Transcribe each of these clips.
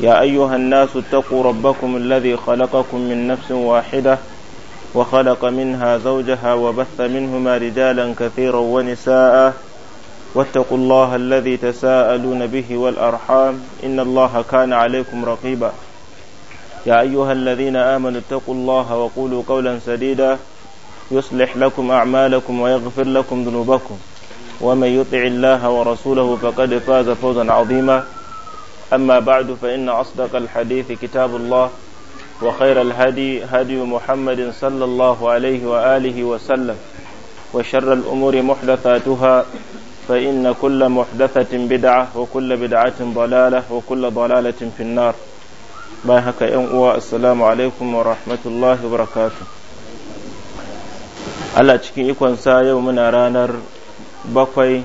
يا أيها الناس اتقوا ربكم الذي خلقكم من نفس واحدة وخلق منها زوجها وبث منهما رجالا كثيرا ونساء واتقوا الله الذي تساءلون به والأرحام إن الله كان عليكم رقيبا يا أيها الذين آمنوا اتقوا الله وقولوا قولا سديدا يصلح لكم أعمالكم ويغفر لكم ذنوبكم ومن يطع الله ورسوله فقد فاز فوزا عظيما أما بعد فإن أصدق الحديث كتاب الله وخير الهدي هدي محمد صلى الله عليه وآله وسلم وشر الأمور محدثاتها فإن كل محدثة بدعة وكل بدعة ضلالة وكل ضلالة في النار باهك ينقوى السلام عليكم ورحمة الله وبركاته Allah cikin ikonsa yau muna ranar bakwai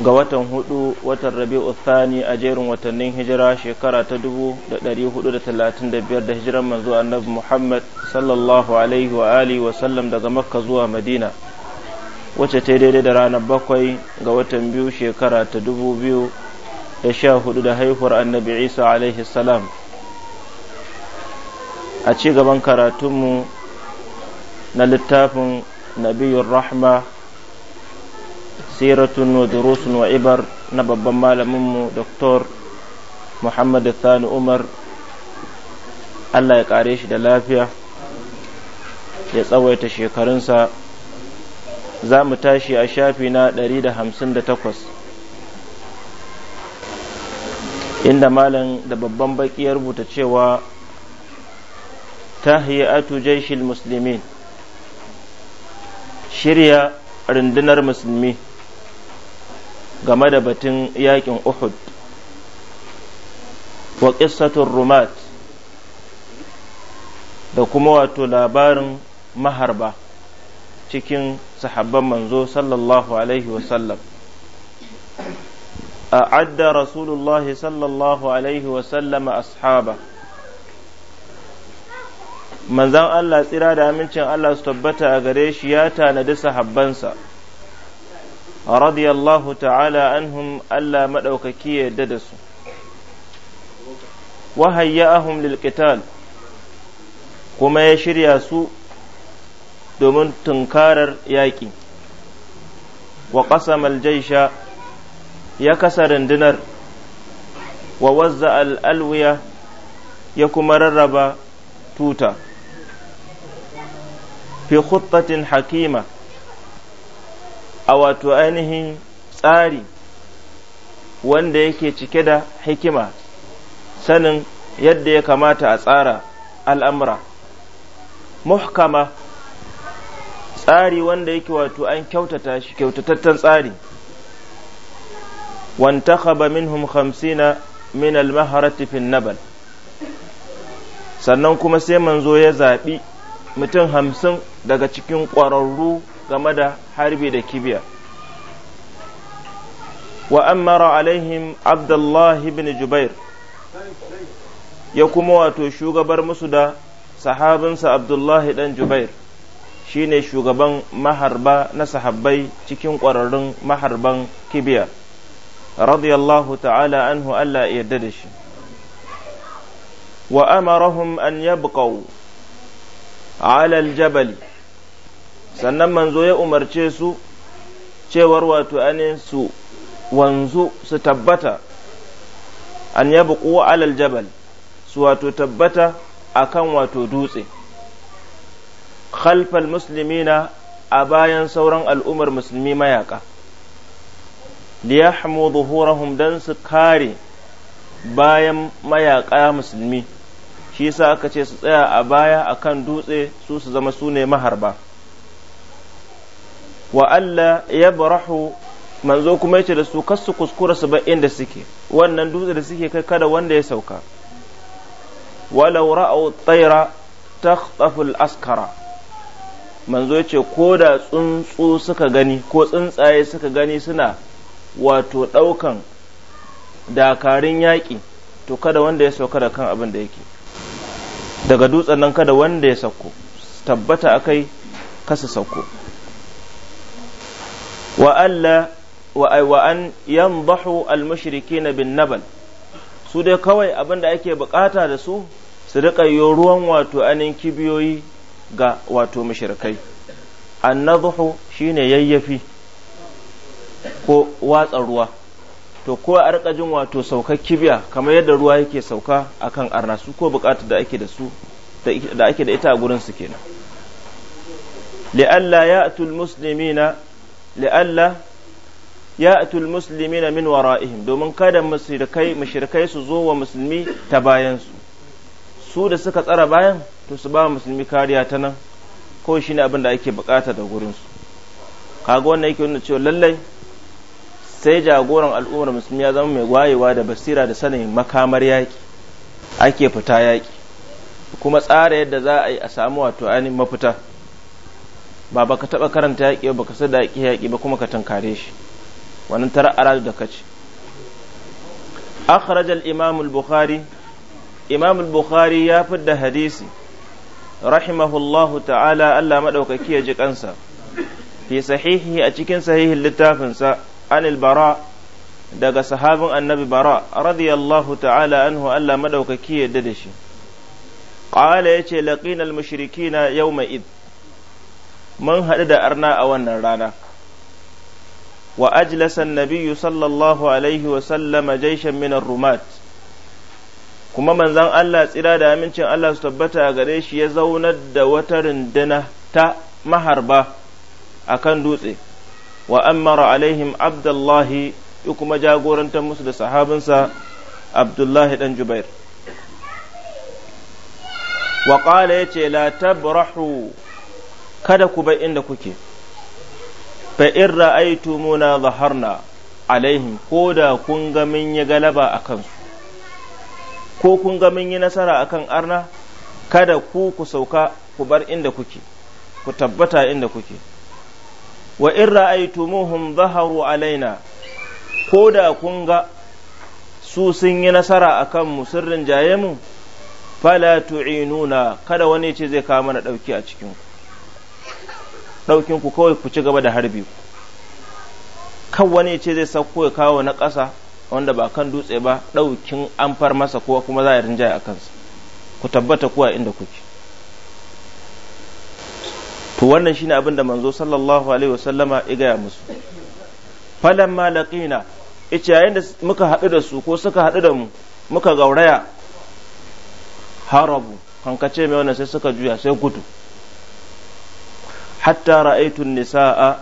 ga watan hudu watan rabi uthani a jerin watannin hijira shekara ta dubu da dari hudu da talatin da biyar da hijiran manzo annabi muhammad sallallahu alaihi wa alihi wa sallam daga makka zuwa madina wacce ta daidai da ranar bakwai ga watan biyu shekara ta dubu biyu da sha hudu da haihuwar annabi isa alaihi salam a ci gaban karatunmu na littafin nabiyun rahma siratun wa durusun wa ibar na babban malamin mu doktor muhammadu thani umar allah ya kare shi da lafiya ya tsawaita shekarunsa za mu tashi a shafi na 158 inda malam da babban baki ya rubuta cewa ta tahiyatu jaishil musulmi shirya rundunar musulmi game da batun yakin Uhud wa qissatul rumat da kuma wato labarin maharba cikin sahabban manzo sallallahu alaihi wasallam a رسول rasulullahi sallallahu alaihi wa وسلم ashaba manzan Allah tsira da amincin Allah su tabbata a gare shi ya tanadi sahabbansa radiyallahu ta'ala anhum Allah maɗaukaki ya yarda da su wahayya'ahum lil qital kuma ya shirya su domin tunkarar yaƙi wa qasama al ya kasa rundunar wa wazza al-alwiya ya kuma rarraba tuta fi khuttatin hakima a wato ainihin tsari wanda yake cike da hikima sanin yadda ya kamata a tsara al'amura muhkama tsari wanda yake wato an kyautata shi kyautatattan tsari وانتخب منهم خمسين min المهرة في sannan kuma sai manzo ya zaɓi mutum hamsin daga cikin ƙwararru game da harbi da kibiya wa ammara alaihim abdullahi bin jubair ya kuma wato shugabar musu da sahabinsa abdullahi dan jubair shine shugaban maharba na sahabbai cikin ƙwararrun maharban kibiya radiyallahu ta'ala anhu Allah ya yarda da shi wa amarahum an yabqaw ala aljabali sannan manzo ya umarce su cewar wato anin su wanzu su tabbata an yabu kuwa alal jabal su wato tabbata akan wato dutse khalfal na a bayan sauran al'ummar musulmi mayaka liyahmu zuhurahum don su kare bayan mayaka musulmi shi sa aka ce su tsaya a baya akan dutse su su zama su ne maharba wa alla yabrahu manzo kuma yace da su kasu kuskura su ba inda suke wannan dutse da suke kai kada wanda ya sauka walau ra'au tsaira takhtafu al-askara manzo yace ko da tsuntsu suka gani ko tsuntsaye suka gani suna wato ɗaukan dakarun yaƙi to kada wanda ya sauka da kan abin da yake daga dutsen nan kada wanda ya sauko tabbata akai kasa sauko وألا وأن ينضحوا المشركين بالنبل su dai kawai abin da ake bukata da su su riƙa yi ruwan wato anin kibiyoyi ga wato mashirkai annadhu shine yayyafi ko watsa ruwa to ko a riƙa jin wato saukar kibiya kamar yadda ruwa yake sauka akan arna su ko bukatar da ake da su da ake da ita a gurin su kenan li'alla ya'tul muslimina li'alla ya'tul muslimina min wara'ihim domin kada mushrikai su zo wa musulmi ta bayan su su da suka tsara bayan to su ba musulmi kariya ta nan ko shine abin da ake bukata da gurin su kaga wannan yake nuna cewa lallai sai jagoran al'ummar musulmi ya zama mai wayewa da basira da sanin makamar yaki ake fita yaki kuma tsara yadda za a yi a samu wato ainihin mafita ba baka taba karanta yaƙi ba ka sada yaƙi yaƙi ba kuma ka tankare shi wannan tara aradu da kace akhraj al imam al bukhari imam al bukhari ya fidda hadisi rahimahullahu ta'ala Allah madaukaki ya ji kansa fi sahihi a cikin sahihin littafinsa an al bara daga sahabin annabi bara radiyallahu ta'ala anhu Allah madaukaki ya da shi qala yace laqina al mushrikina yawma id mun haɗu da arna a wannan rana wa ajlasan nabiyyu sallallahu alaihi wa sallama jaishan min rumat kuma manzon Allah tsira da amincin Allah su tabbata a gare shi ya zaunar da wata rindina ta maharba akan dutse wa ammara alaihim abdullahi ya kuma jagorantar musu da sahabinsa abdullahi dan jubair wa ya yace la tabrahu kada ku bai inda kuke fa in ra'aytumuna zaharna alaihim ko da kun ga mun yi galaba a kansu ko kun ga mun yi nasara akan arna kada ku ku sauka ku bar inda kuke ku tabbata inda kuke wa in ra'aytumuhum zaharu alaina ko da kun ga su sun yi nasara akan mu sirrin jaye mu fala tu'inuna kada wani ce zai kawo mana dauki a cikin ku ɗaukin ku kawai ku ci gaba da harbi ku kan wani ce zai sauko ya kawo na ƙasa wanda ba kan dutse ba ɗaukin an far masa kowa kuma za a rinjaye a kansa ku tabbata kuwa inda kuke to wannan shine abin da manzo sallallahu alaihi wasallama ya gaya musu Falan laqina ice yayin da muka haɗu da su ko suka haɗu da mu muka gauraya harabu kankace mai wannan sai suka juya sai gudu hatta ra'aitun nisa'a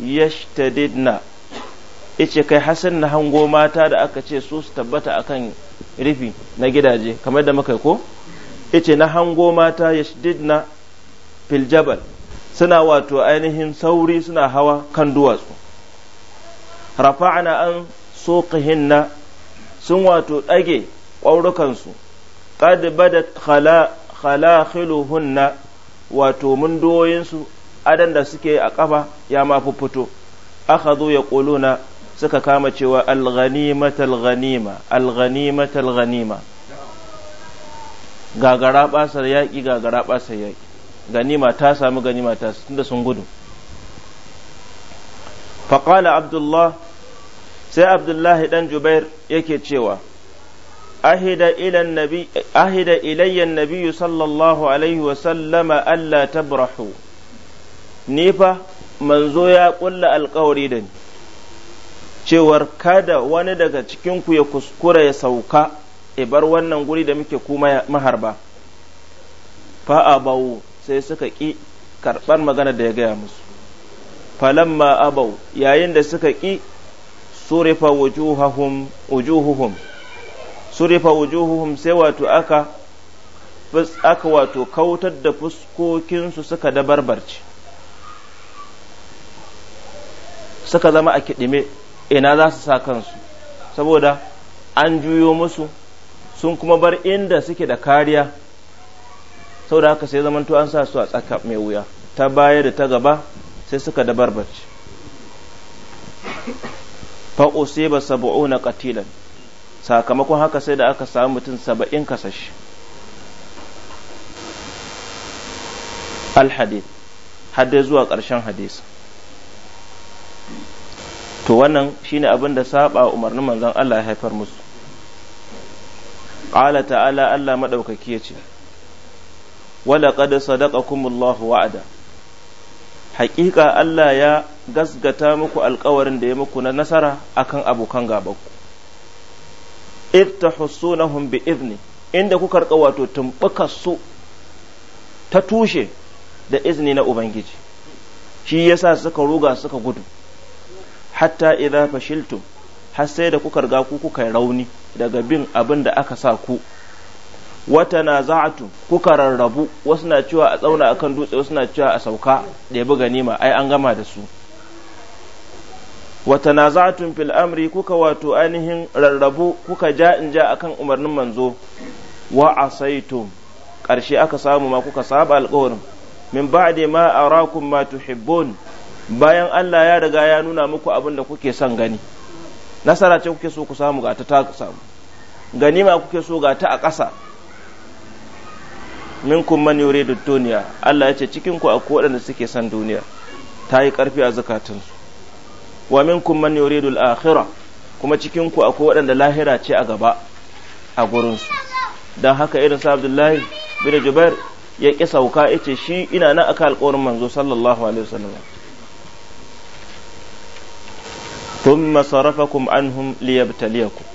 yashtadidna yace kai hasan na hango mata da aka ce su su tabbata akan rifi na gidaje kamar da muka ko yace na hango mata yashtadidna fil jabal suna wato ainihin sauri suna hawa kan duwatsu rafa'na an suqihinna sun wato ɗage su qad badat khala khalaqiluhunna wato mundoyinsu adan da suke a ƙafa ya ma fito aka zo ya ƙuluna suka kama cewa alghanimata alghanima alghanimata alghanima gagara basar yaƙi gagara basar yaƙi ganima ta samu ganima ta tunda sun gudu faƙala abdullah sai abdullahi dan jubair yake cewa أهد إلى النبي أهد إلي النبي صلى الله عليه وسلم ألا تبرحوا نيفا manzo ya ƙulla alkawari da ni cewar kada wani daga cikinku ya kuskura ya sauka e bar wannan guri da muke kuma maharba fa'a bawo sai suka ƙi karɓar magana da ya gaya musu falamma abau yayin da suka ƙi surifa wujuhuhum surifa wujuhuhum sai wato aka aka wato kautar da fuskokinsu suka dabarbarci suka zama a kiɗime ina za su sa kansu saboda an juyo musu sun kuma bar inda suke da kariya saboda haka sai zamanto an sa su a tsaka mai wuya ta baya da ta gaba sai suka dabarbarce fa usiba sab'una qatilan sakamakon haka sai da aka samu mutum saba'in kasashe alhadith haddai zuwa ƙarshen hadis to wannan shine abin da saba umarnin manzon Allah ya haifar musu ƙala ta'ala Allah maɗaukaki madaukaki sadaka walaqad sadaqakumullahu wa'ada haƙiƙa Allah ya gasgata muku alƙawarin da ya muku na nasara akan abokan gabanku na bi izni inda kuka rika wato tumbuka su ta tushe da izini na ubangiji shi yasa suka ruga suka gudu hatta idza fashiltum har sai da kuka riga ku kuka rauni daga bin abin da aka sa ku wata na za'atu kuka rarrabu wasu na cewa a tsauna akan dutse wasu na cewa a sauka da ya ganima ai an gama da su wa tanaza'tum fil amri kuka wato ainihin rarrabu kuka ja in ja akan umarnin manzo wa asaitum ƙarshe aka samu ma kuka saba alƙawarin min ba'de ma arakum ma tuhibbun bayan Allah ya riga ya nuna muku abin da kuke son gani nasara ce kuke so ku samu ga ta ta samu ma kuke so ga ta a ƙasa minkum man yuridu duniya Allah ya ce cikin ku akwai waɗanda suke son duniya ta yi ƙarfi a zakatunsu wa minkum man yuridu al-akhirah kuma cikin ku akwai waɗanda lahira ce a gaba a gurin su dan haka irin sa Abdullahi bin Jubair ya ki sauka yace shi ina nan aka alƙawarin manzo sallallahu alaihi wasallam thumma sarafakum anhum liyabtaliyakum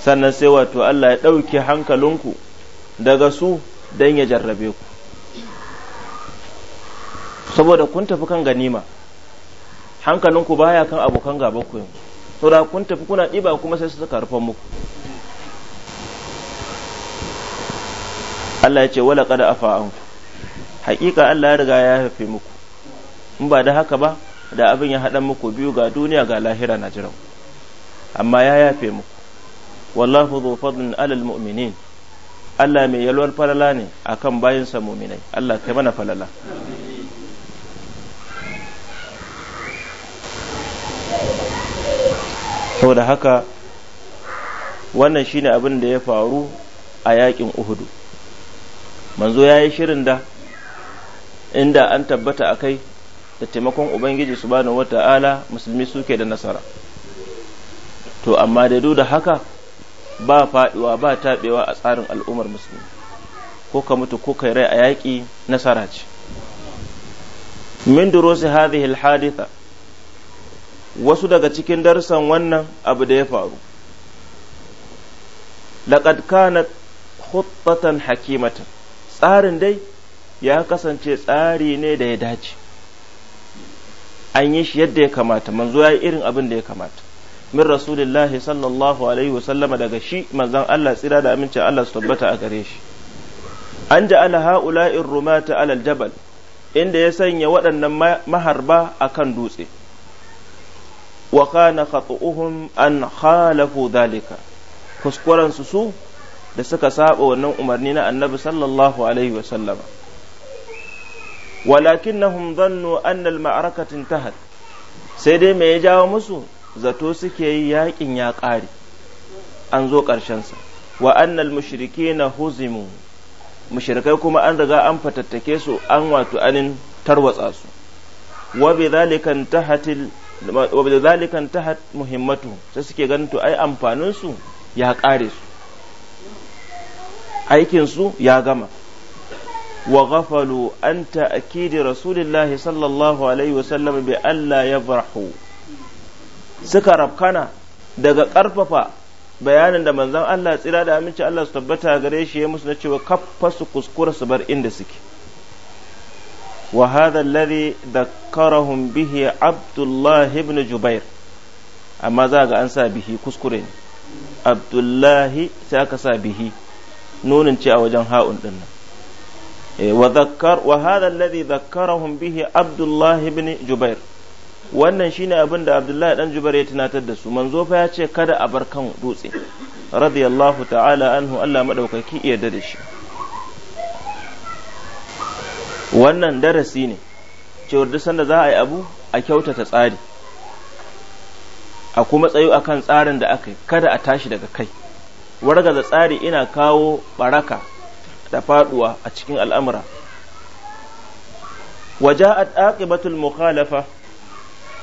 sannan sai wato Allah ya ɗauke hankalinku daga su dan ya jarrabe ku saboda kun tafi kan ganima hankalinku baya kan abokan gaba ku yanzu da kun tafi kuna ɗiba kuma sai su saka rufan muku Allah ya ce wala kada afa an haƙiƙa Allah ya riga ya haife muku in ba da haka ba da abin ya haɗa muku biyu ga duniya ga lahira na jiran amma ya yafe muku wallahu dhu fadlin alal mu'minin Allah mai yalwar falala ne akan bayinsa mu'minai Allah kai mana falala saboda haka wannan shine abin da ya faru a yakin uhudu manzo ya yi shirin da inda an tabbata a kai da taimakon ubangiji su subhanahu wata'ala musulmi suke da nasara to amma da da haka ba faɗiwa ba taɓewa a tsarin al'ummar musulmi ko ka mutu ko kai rai a yaƙi nasara ce min durusi hadhihi al-haditha wasu daga cikin darsan wannan abu da ya faru laqad kana khuttatan hakimata tsarin dai ya kasance tsari ne da ya dace an yi shi yadda ya kamata manzo ya yi irin abin da ya kamata min rasulillahi sallallahu alaihi wasallam daga shi manzon Allah tsira da amince Allah su tabbata a gare shi an ja ala ha'ula'ir rumata alal jabal inda ya sanya waɗannan maharba akan dutse wa kana khatu'uhum an khalafu dhalika kuskuren su su da suka saba wannan umarni na annabi sallallahu alaihi wa sallama walakinnahum dhannu anna al-ma'rakata intahat sai dai mai ya jawo musu zato suke yi yakin ya ƙare an zo ƙarshen sa wa anna al-mushrikeena huzimu mushrikai kuma an riga an fatattake su an wato anin tarwatsa su wa bi dhalika intahatil wa zalikan tahat muhimmatu sai suke ganin to ai amfanin su ya kare su aikin su ya gama wa ghafalu an ta'kidi rasulillahi sallallahu alaihi wa sallam bi alla yabrahu suka rafkana daga karfafa bayanin da manzon Allah tsira da aminci Allah su tabbata gare shi ya musu na cewa kaffa su kuskura su bar inda suke وهذا الذي ذكرهم به عبد الله بن جبير أما ذاك أنسى به كسكرين عبد الله ساكسى به نون انت أو جنهاء وذكر وهذا الذي ذكرهم به عبد الله بن جبير wannan shine abin da Abdullahi dan Jubair ya tunatar da su manzo fa ya ce kada a bar kan dutse radiyallahu ta'ala anhu Allah madaukaki iya da shi wannan darasi ne cewar duk sanda za a yi abu a kyautata tsari a kuma tsayo akan tsarin da aka yi kada a tashi daga kai warga da tsari ina kawo baraka da faduwa a cikin al'amura Waje a ɗaƙibatul mukhalafa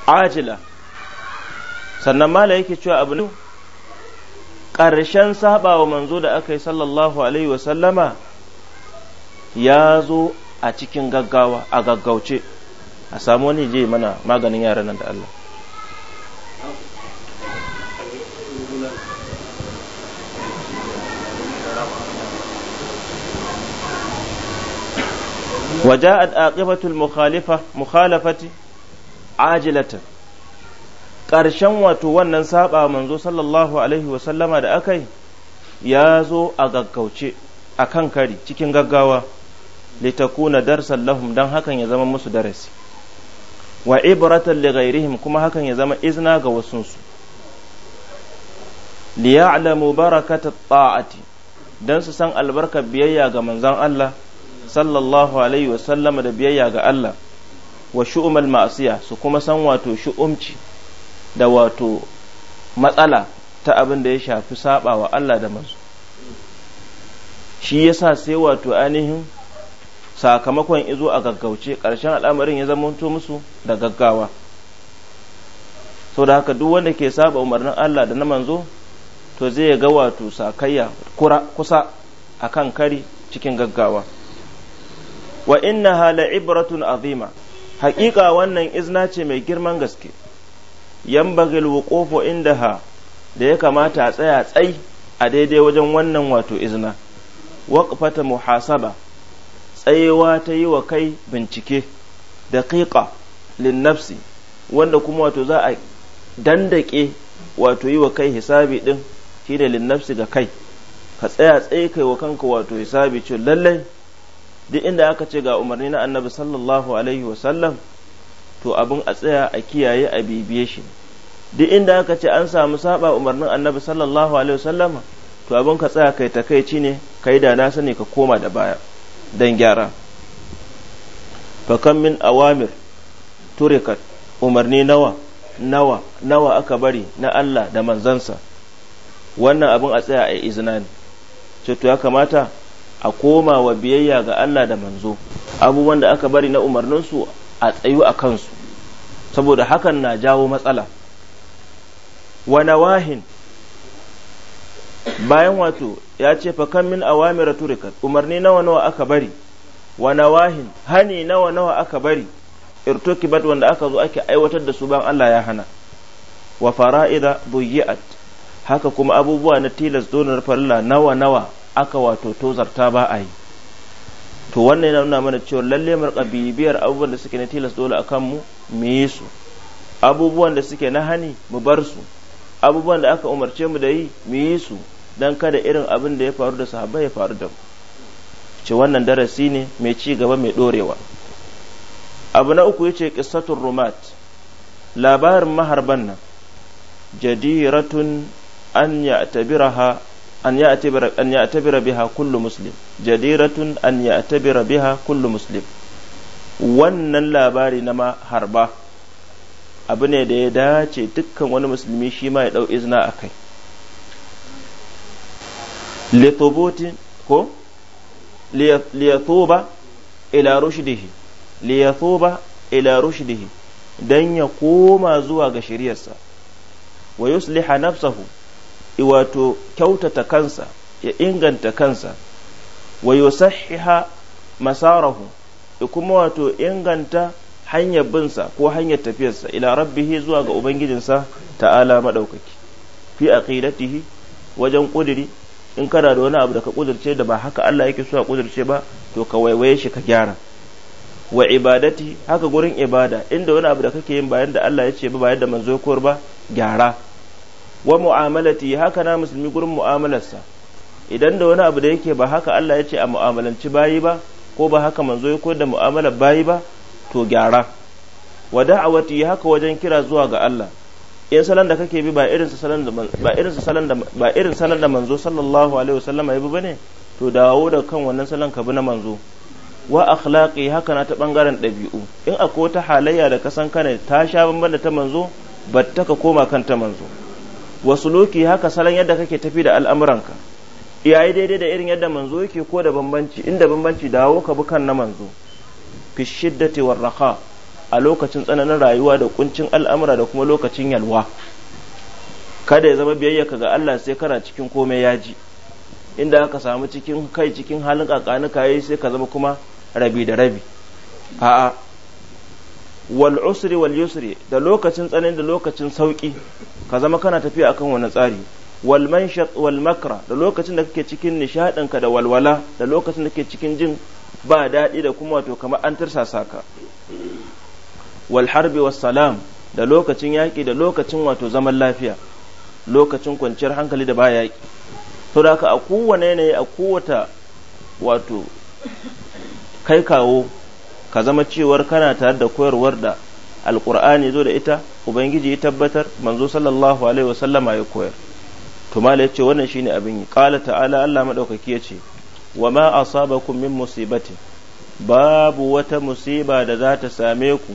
ajila sannan mala yake cewa abu ne ƙarshen saba wa manzo da aka yi sallallahu alaihi wasallama ya zo a cikin gaggawa a gaggauce a samu wani je mana maganin yaran nan da Allah وجاءت عاقبة المخالفة مخالفة ƙarshen wato wannan saba manzo sallallahu alaihi wasallama da aka yi ya zo a gaggauce a kan kari cikin gaggawa litakuna darsan lahum dan hakan ya zama musu darasi wa ibratan li ghairihim kuma hakan ya zama izna ga wasunsu li ya'lamu barakata ta'ati dan su san albarka biyayya ga manzon Allah sallallahu alaihi wa sallama da biyayya ga Allah wa shu'umal ma'siya su kuma san wato shu'umci da wato matsala ta abin da ya shafi saba wa Allah da manzo shi yasa sai wato ainihin sakamakon izo a gaggauce ƙarshen al'amarin ya zamanto musu da gaggawa sau da haka duk wanda ke saba umarnin Allah da na manzo to zai ga wato sakayya kura kusa a kan kari cikin gaggawa wa inna hala ibratun azima haƙiƙa wannan izna ce mai girman gaske yan bagil wuqofu indaha da ya kamata a tsaya tsai a daidai wajen wannan wato izna waqfata muhasaba tsayewa ta yi wa kai bincike daƙiƙa linnafsi wanda kuma wato za a dandake wato yi wa kai hisabi ɗin shi ne linnafsi ga kai ka tsaya tsaye kai wa kanka wato hisabi ce lallai duk inda aka ce ga umarni na annabi sallallahu alaihi wasallam to abin a tsaya a kiyaye a bibiye shi duk inda aka ce an samu saba umarnin annabi sallallahu alaihi wasallama to abin ka tsaya kai takaici ne kai da na sani ka koma da baya Dan gyara fakan min awamir turikat umarni nawa nawa nawa aka bari na Allah da manzansa wannan abin a tsaya a izina ne to ya kamata a koma wa biyayya ga Allah da manzo abubuwan da aka bari na umarninsu a tsayu a kansu saboda hakan na jawo matsala wa nawahin bayan wato ya ce fa kan min awamira turikat umarni nawa nawa aka bari wa nawahin hani nawa nawa aka bari bat wanda aka zo ake aiwatar da su ban Allah ya hana wa fara'ida buyi'at haka kuma abubuwa na tilas donar farilla nawa nawa aka wato tozarta ba a yi to wannan yana nuna mana cewa lalle mu bibiyar abubuwan da suke na tilas dole akan mu mu yi su abubuwan da suke na hani mu bar su abubuwan da aka umarce mu da yi mu yi su dan kada irin abin da ya faru da sahabbai ya faru da mu ce wannan darasi ne mai ci gaba mai dorewa abu na uku yace qissatul rumat labarin maharban nan jadiratun an ya'tabiraha an ya'tabira an ya'tabira biha kullu muslim jadiratun an ya'tabira biha kullu muslim wannan labari na maharba abu ne da ya dace dukkan wani musulmi shi ma ya dau izina akai litubutin ko liyatuba ila rushdihi liyatuba ila rushdihi dan ya koma zuwa ga shari'arsa wa yusliha nafsahu wato kyautata kansa ya inganta kansa wa yusahhiha masarahu kuma wato inganta hanyar binsa ko hanyar tafiyarsa ila rabbihi zuwa ga ubangijinsa ta'ala madaukaki fi aqidatihi wajen kudiri in kana da wani abu da ka kudurce da ba haka Allah yake so a kudurce ba to ka waiwaye shi ka gyara wa ibadati haka gurin ibada inda wani abu da kake yin bayan da Allah ya ce ba bayan da manzo kor ba gyara wa mu'amalati haka na musulmi gurin mu'amalarsa idan da wani abu da yake ba haka Allah ya ce a mu'amalanci bayi ba ko ba haka manzo ya koyar da mu'amalar bayi ba to gyara wa da'awati haka wajen kira zuwa ga Allah in salan da kake bi ba irin salan da ba irin salan da ba irin salan da manzo sallallahu alaihi wasallam ya bi bane to dawo da kan wannan salan ka bi na manzo wa akhlaqi haka na ta bangaren dabi'u in akwai wata halayya da ka san kana ta sha bamban da ta manzo batta ka koma kan ta manzo wa suluki haka salan yadda kake tafi da al'amuranka iyayi daidai da irin yadda manzo yake ko da bambanci inda bambanci dawo ka bi kan na manzo fi shiddati war a lokacin tsananin rayuwa da kuncin al'amura da kuma lokacin yalwa kada ya zama biyayya ka ga Allah sai kana cikin komai yaji inda aka samu cikin kai cikin halin kakani kayi sai ka zama kuma rabi da rabi a'a wal usri wal yusri da lokacin tsanani da lokacin sauki ka zama kana tafiya akan wani tsari walmakra, da lokacin da kake cikin nishadin da walwala da lokacin da kake cikin jin ba daɗi da kuma wato kamar an tirsasa ka Walharbi harbi salam da lokacin yaƙi da lokacin wato zaman lafiya lokacin kwanciyar hankali da baya yaƙi to da ka a kowane yanayi a kowata wato kai kawo ka zama cewar kana tare da koyarwar da alƙur'ani zo da ita ubangiji ya tabbatar manzo sallallahu alaihi wasallama ya koyar to mala yace wannan shine abin yi qala ta'ala Allah madaukaki yace wa ma asabakum min musibati? babu wata musiba da za ta same ku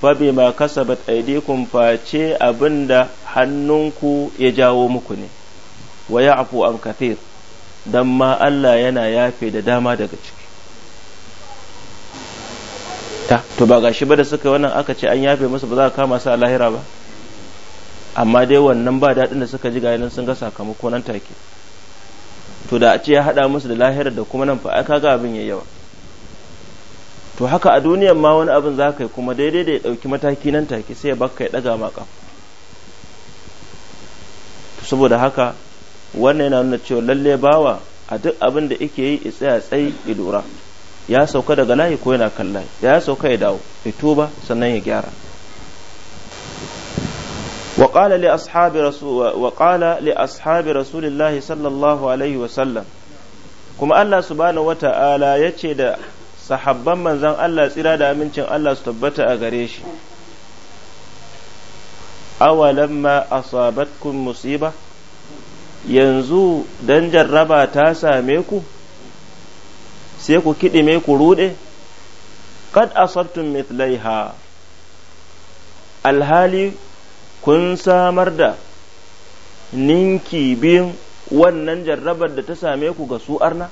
fabima kasabat aydikum face abinda hannunku ya jawo muku ne wa ya'fu an kathir dan ma Allah yana yafe da dama daga ciki ta to ba gashi ba da suka wannan aka ce an yafe musu ba za ka kama sa lahira ba amma dai wannan ba daɗin da suka ji gayanan sun ga sakamako nan take to da a ce ya haɗa musu da lahirar da kuma nan fa aka ga abin yayi yawa to haka a duniyan ma wani abin za ka yi kuma daidai da ya ɗauki mataki nan take sai ya baka ya ɗaga maka saboda haka wannan yana nuna cewa lalle bawa a duk abin da yake yi ya tsaya tsayi ya lura ya sauka daga layi ko yana kan layi ya sauka ya dawo ya tuba sannan ya gyara وقال لأصحاب رسول وقال لأصحاب رسول الله صلى الله عليه وسلم كما الله سبحانه وتعالى يتشهد sahabban manzan Allah tsira da amincin Allah su tabbata a gare shi awalamma asabatkum musiba yanzu dan jarraba ta same ku sai ku kiɗime ku ruɗe kad asabtum mithlaiha alhali kun samar da ninki biyun wannan jarrabar da ta same ku ga su arna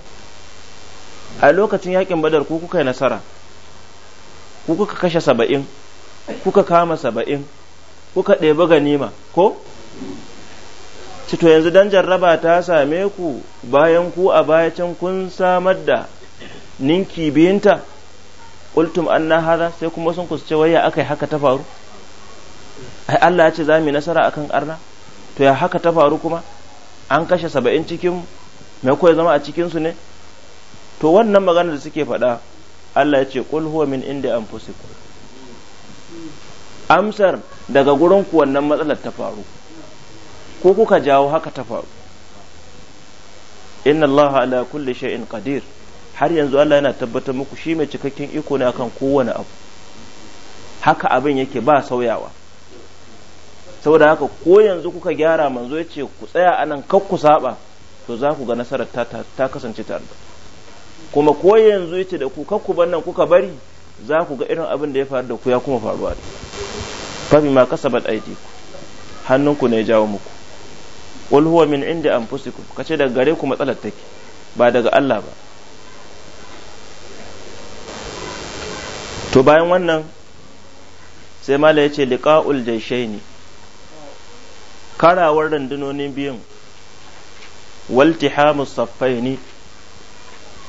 a lokacin yakin badar ku kuka yi nasara ku kuka kashe saba'in kuka kama saba'in kuka ɗebi ganima ko Cito yanzu don jarraba ta same ku bayan ku a bayacin kun samar da ninki biyinta ƙultum an na hada sai kuma sun kusa ce waya aka yi haka ta faru ai Allah ya ce za mu yi nasara akan arna to ya haka ta faru kuma an kashe saba'in cikin mai kawai zama a cikinsu ne to wannan magana da suke faɗa Allah ya ce qul huwa min inda anfusikum amsar daga gurin ku wannan matsalar ta faru ko kuka jawo haka ta faru inna Allah ala kulli shay'in qadir har yanzu Allah yana tabbatar muku shi mai cikakken iko ne akan kowane abu haka abin yake ba sauyawa saboda haka ko yanzu kuka gyara manzo ya ku tsaya anan kar ku saba to za ku ga nasarar ta kasance tare da kuma ko yanzu yace da ku kakku bannan kuka bari za ku ga irin abin da ya faru da ku ya kuma faruwa da fa bima kasabat aydikum hannunku ne ya jawo muku qul huwa min indi anfusikum kace daga gare ku matsalar take ba daga Allah ba to bayan wannan sai mala ya ce liqa'ul jaishaini karawar rundunonin biyun waltihamus saffaini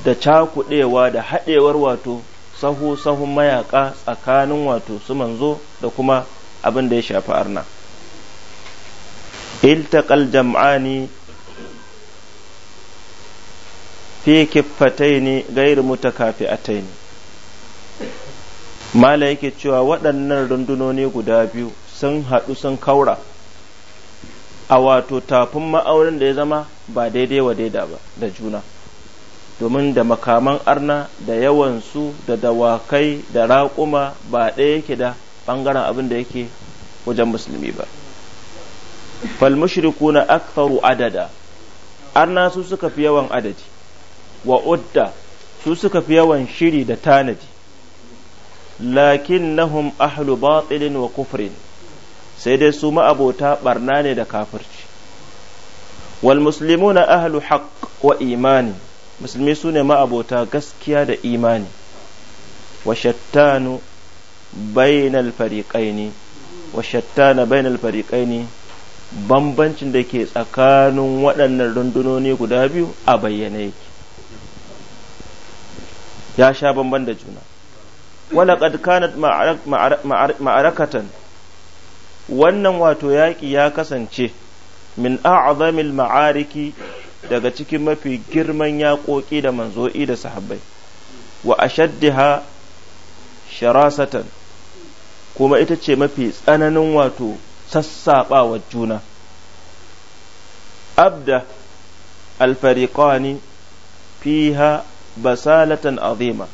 da cakuɗewa da haɗewar wato sahu sahun mayaƙa tsakanin wato su manzo da kuma abin da ya shafi arna iltaƙal jam'ani fi kiffataini gairu mutakafi'ataini mala yake cewa waɗannan rundunoni guda biyu sun haɗu sun kaura a wato tafin ma'aurin da ya zama ba daidai wa daida ba da juna domin da makaman arna da yawansu da dawakai da raƙuma ba ɗaya yake da ɓangaren abin da yake wajen musulmi ba falmushriku na aktharu adada arna su suka fi yawan adadi wa udda su suka fi yawan shiri da tanadi lakin nahum ahlu batilin wa kufrin sai dai su ma'abota barna ne da kafirci wal muslimuna ahlu haqq wa imani musulmi su ne ma'abota gaskiya da imani wa shattanu bainal ne wa shattana bainal bambancin da ke tsakanin waɗannan rundunoni guda biyu a bayyana yake ya sha bamban da juna wala qad kanat ma'arakatan wannan wato yaƙi ya kasance min a'zamil ma'ariki daga cikin mafi girman yaƙoƙi da manzo'i da sahabbai wa ashaddiha sharasatan kuma ita ce mafi tsananin wato sassaɓawa juna abda alfariqani fiha basalatan azima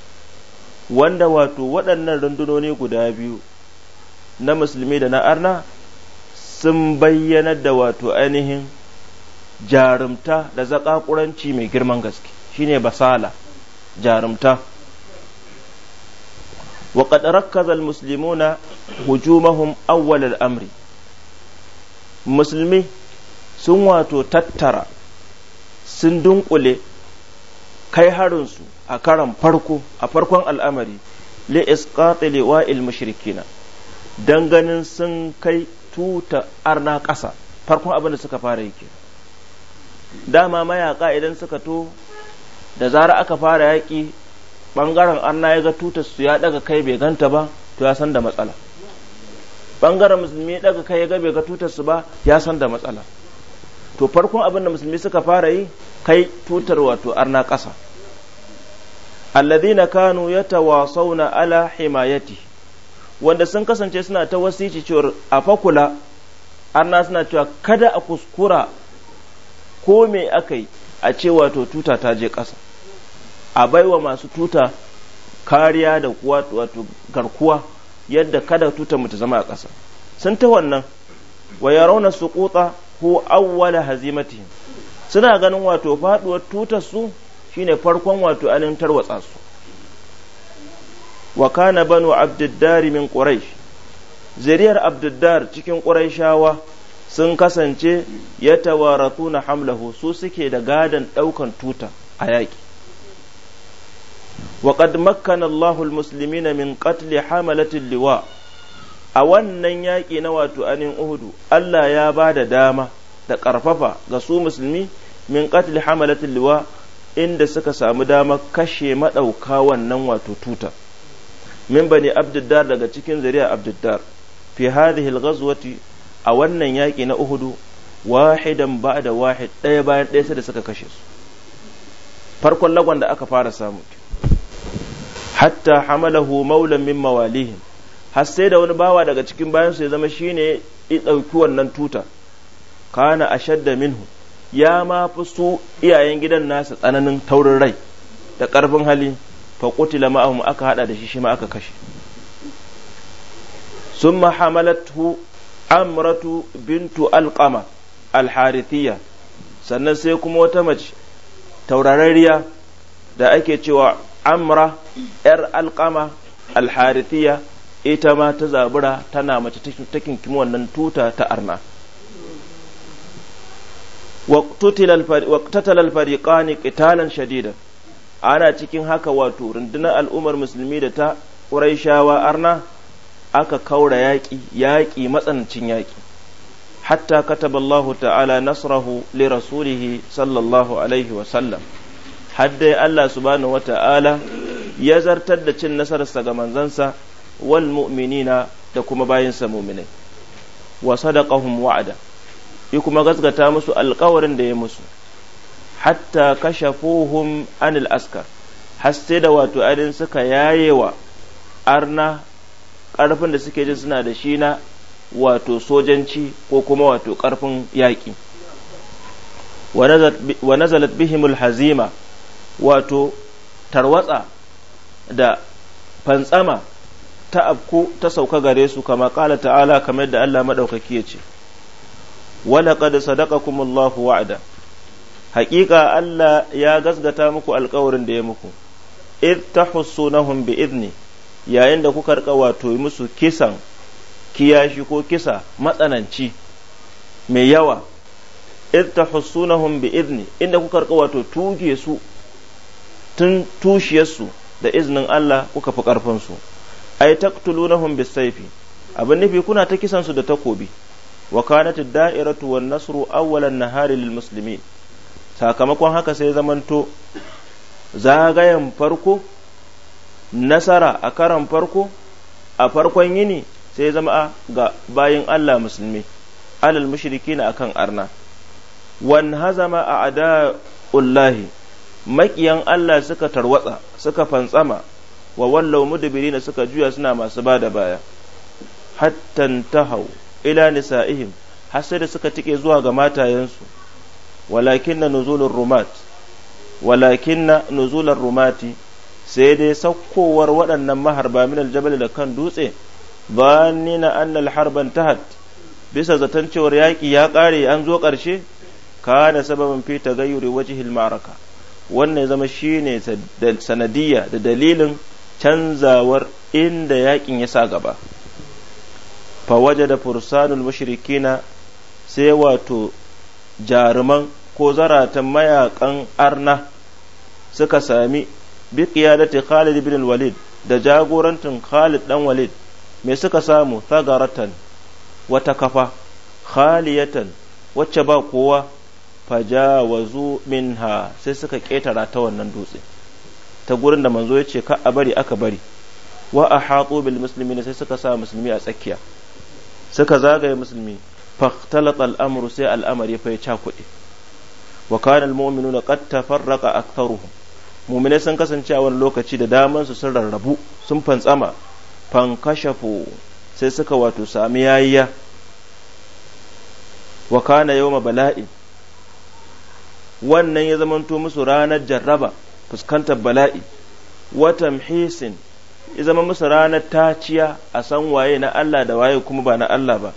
wanda wato waɗannan rundunoni guda biyu na musulmi da na arna sun bayyanar da wato ainihin jarumta da zaƙaƙuranci mai girman gaske shine basala jarumta وقد ركز na hujumahun أول amri Musulmi sun wato tattara sun dunkule kai harinsu a karan farko a farkon al'amari li isqati wa'il mushrikina dan ganin sun kai tuta arna ƙasa farkon abin da suka fara yake dama mayaka idan suka to da zara aka fara yaƙi ɓangaren arna ya ga tutar su ya ɗaga kai bai ganta ba to ya san da matsala ɓangaren musulmi ya ɗaga kai ya ga bai ga tutar su ba ya san da matsala to farkon abin da musulmi suka fara yi kai tutar wato arna ƙasa alladhina kanu yatawasawna ala himayati wanda sun kasance suna ta wasici cewar a fakula arna suna cewa kada a kuskura ko me aka yi a ce wato tuta ta je ƙasa a baiwa masu tuta kariya da wato garkuwa yadda kada tuta mu ta zama a ƙasa sun ta wannan wa su suquta ko awwala hazimatihim suna ganin wato faduwar tutar su shine farkon wato alin tarwatsa su wa kana banu abdiddar min quraish zariyar abdiddar cikin quraishawa sun kasance ya tawaratu na hamlahu su suke da gadon ɗaukan tuta a yaƙi waƙad makkana Allahul na min qatli hamalatin liwa a wannan yaƙi na wato anin uhudu Allah ya ba da dama da ƙarfafa ga su musulmi min katli hamalatin liwa inda suka samu dama kashe maɗauka wannan wato tuta min bani abdiddar daga cikin zuriya abdiddar fi hadhihi al-ghazwati a wannan yaƙi na uhudu wahidan ba da wahid ɗaya bayan ɗaya sai da suka kashe su farkon lagon da aka fara samu hatta hamalahu maulan min mawalihim har sai da wani bawa daga cikin bayansu ya zama shine i ɗauki wannan tuta kana ashadda minhu ya ma fi su iyayen gidan nasa tsananin taurin rai da ƙarfin hali fa qutila ma'ahum aka hada da shi shi ma aka kashe summa hamalathu amratu bintu alqama alharithiya sannan sai kuma wata mace taurarariya da ake cewa amra yar alqama alharithiya ita ma ta zabura tana mace takin kimo wannan tuta ta arna waqtatal alfariqani qitalan shadida ana cikin haka wato rundunar al'ummar musulmi da ta ƙuraishawa arna aka kaura yaƙi yaƙi matsanancin yaƙi hatta kataba Allah ta'ala nasrahu li rasulihi sallallahu alaihi wa sallam dai Allah subhanahu wa ta'ala ya zartar da cin nasararsa ga manzansa wal mu'minina da kuma bayansa mu'minai wa sadaqahum wa'ada yi kuma gasgata musu alƙawarin da ya musu hatta kashafuhum anil askar har sai da wato arin suka yayewa arna ƙarfin da suke jin suna da shi na wato sojanci ko kuma wato ƙarfin yaƙi wa nazalat bihimul hazima wato tarwatsa da fantsama ta afku ta sauka gare su kama ƙala ta'ala kamar da Allah maɗaukaki ya ce walaƙad Allahu wa'ada haƙiƙa Allah ya gasgata muku alƙawarin da ya muku id tahussunahum bi idni yayin da kuka rika wato musu kisan kiyashi ko kisa matsananci mai yawa idh tahussunahum bi izni inda kuka rika wato tuge su tun tushiyarsu da iznin Allah kuka fi karfin su ay taqtulunahum saifi abin nufi kuna ta kisan su da takobi wa kanat ad-da'iratu wan nasru awwalan nahari lil muslimin sakamakon haka sai zamanto zagayen farko nasara a karan farko a farkon yini sai zama ga bayin Allah musulmi alal mushriki na akan arna wan hazama a ada'ullahi makiyan Allah suka tarwatsa suka fantsama wa wallau mudbirina suka juya suna masu bada baya hattan tahau ila nisa'ihim har sai da suka tike zuwa ga matayensu walakinna nuzulur rumat walakinna nuzulur rumati sai dai sakkowar waɗannan maharba min aljabal da kan dutse ba na annal harban tahat bisa zaton cewar yaƙi ya ƙare an zo ƙarshe kana sababin fi gayyuri waje hilmaraka wannan zama shine sanadiyya da dalilin canzawar inda yaƙin ya sa gaba fa da fursanul mashirikina sai wato jaruman ko zaratan mayakan arna suka sami bi qiyadati Khalid ibn walid da jagorantin Khalid dan Walid me suka samu thagaratan wata kafa khaliyatan wacce ba kowa fajawazu minha sai suka ketara ta wannan dutse ta gurin da manzo ya ce ka a bari aka bari wa ahatu bil muslimin sai suka sa musulmi a tsakiya suka zagaye musulmi fahtalata al'amuru sai al'amari fa ya cakuɗe wa kana al-mu'minuna qad tafarraqa aktharuhum muminai sun kasance a wani lokaci da daman su sun rarrabu sun fantsama fankashafo sai suka wato sami yayiya wa kana yau bala'in wannan ya zamanto musu ranar jarraba fuskantar bala'i watan hisin ya zama musu ranar taciya a san waye na Allah da waye kuma ba na Allah ba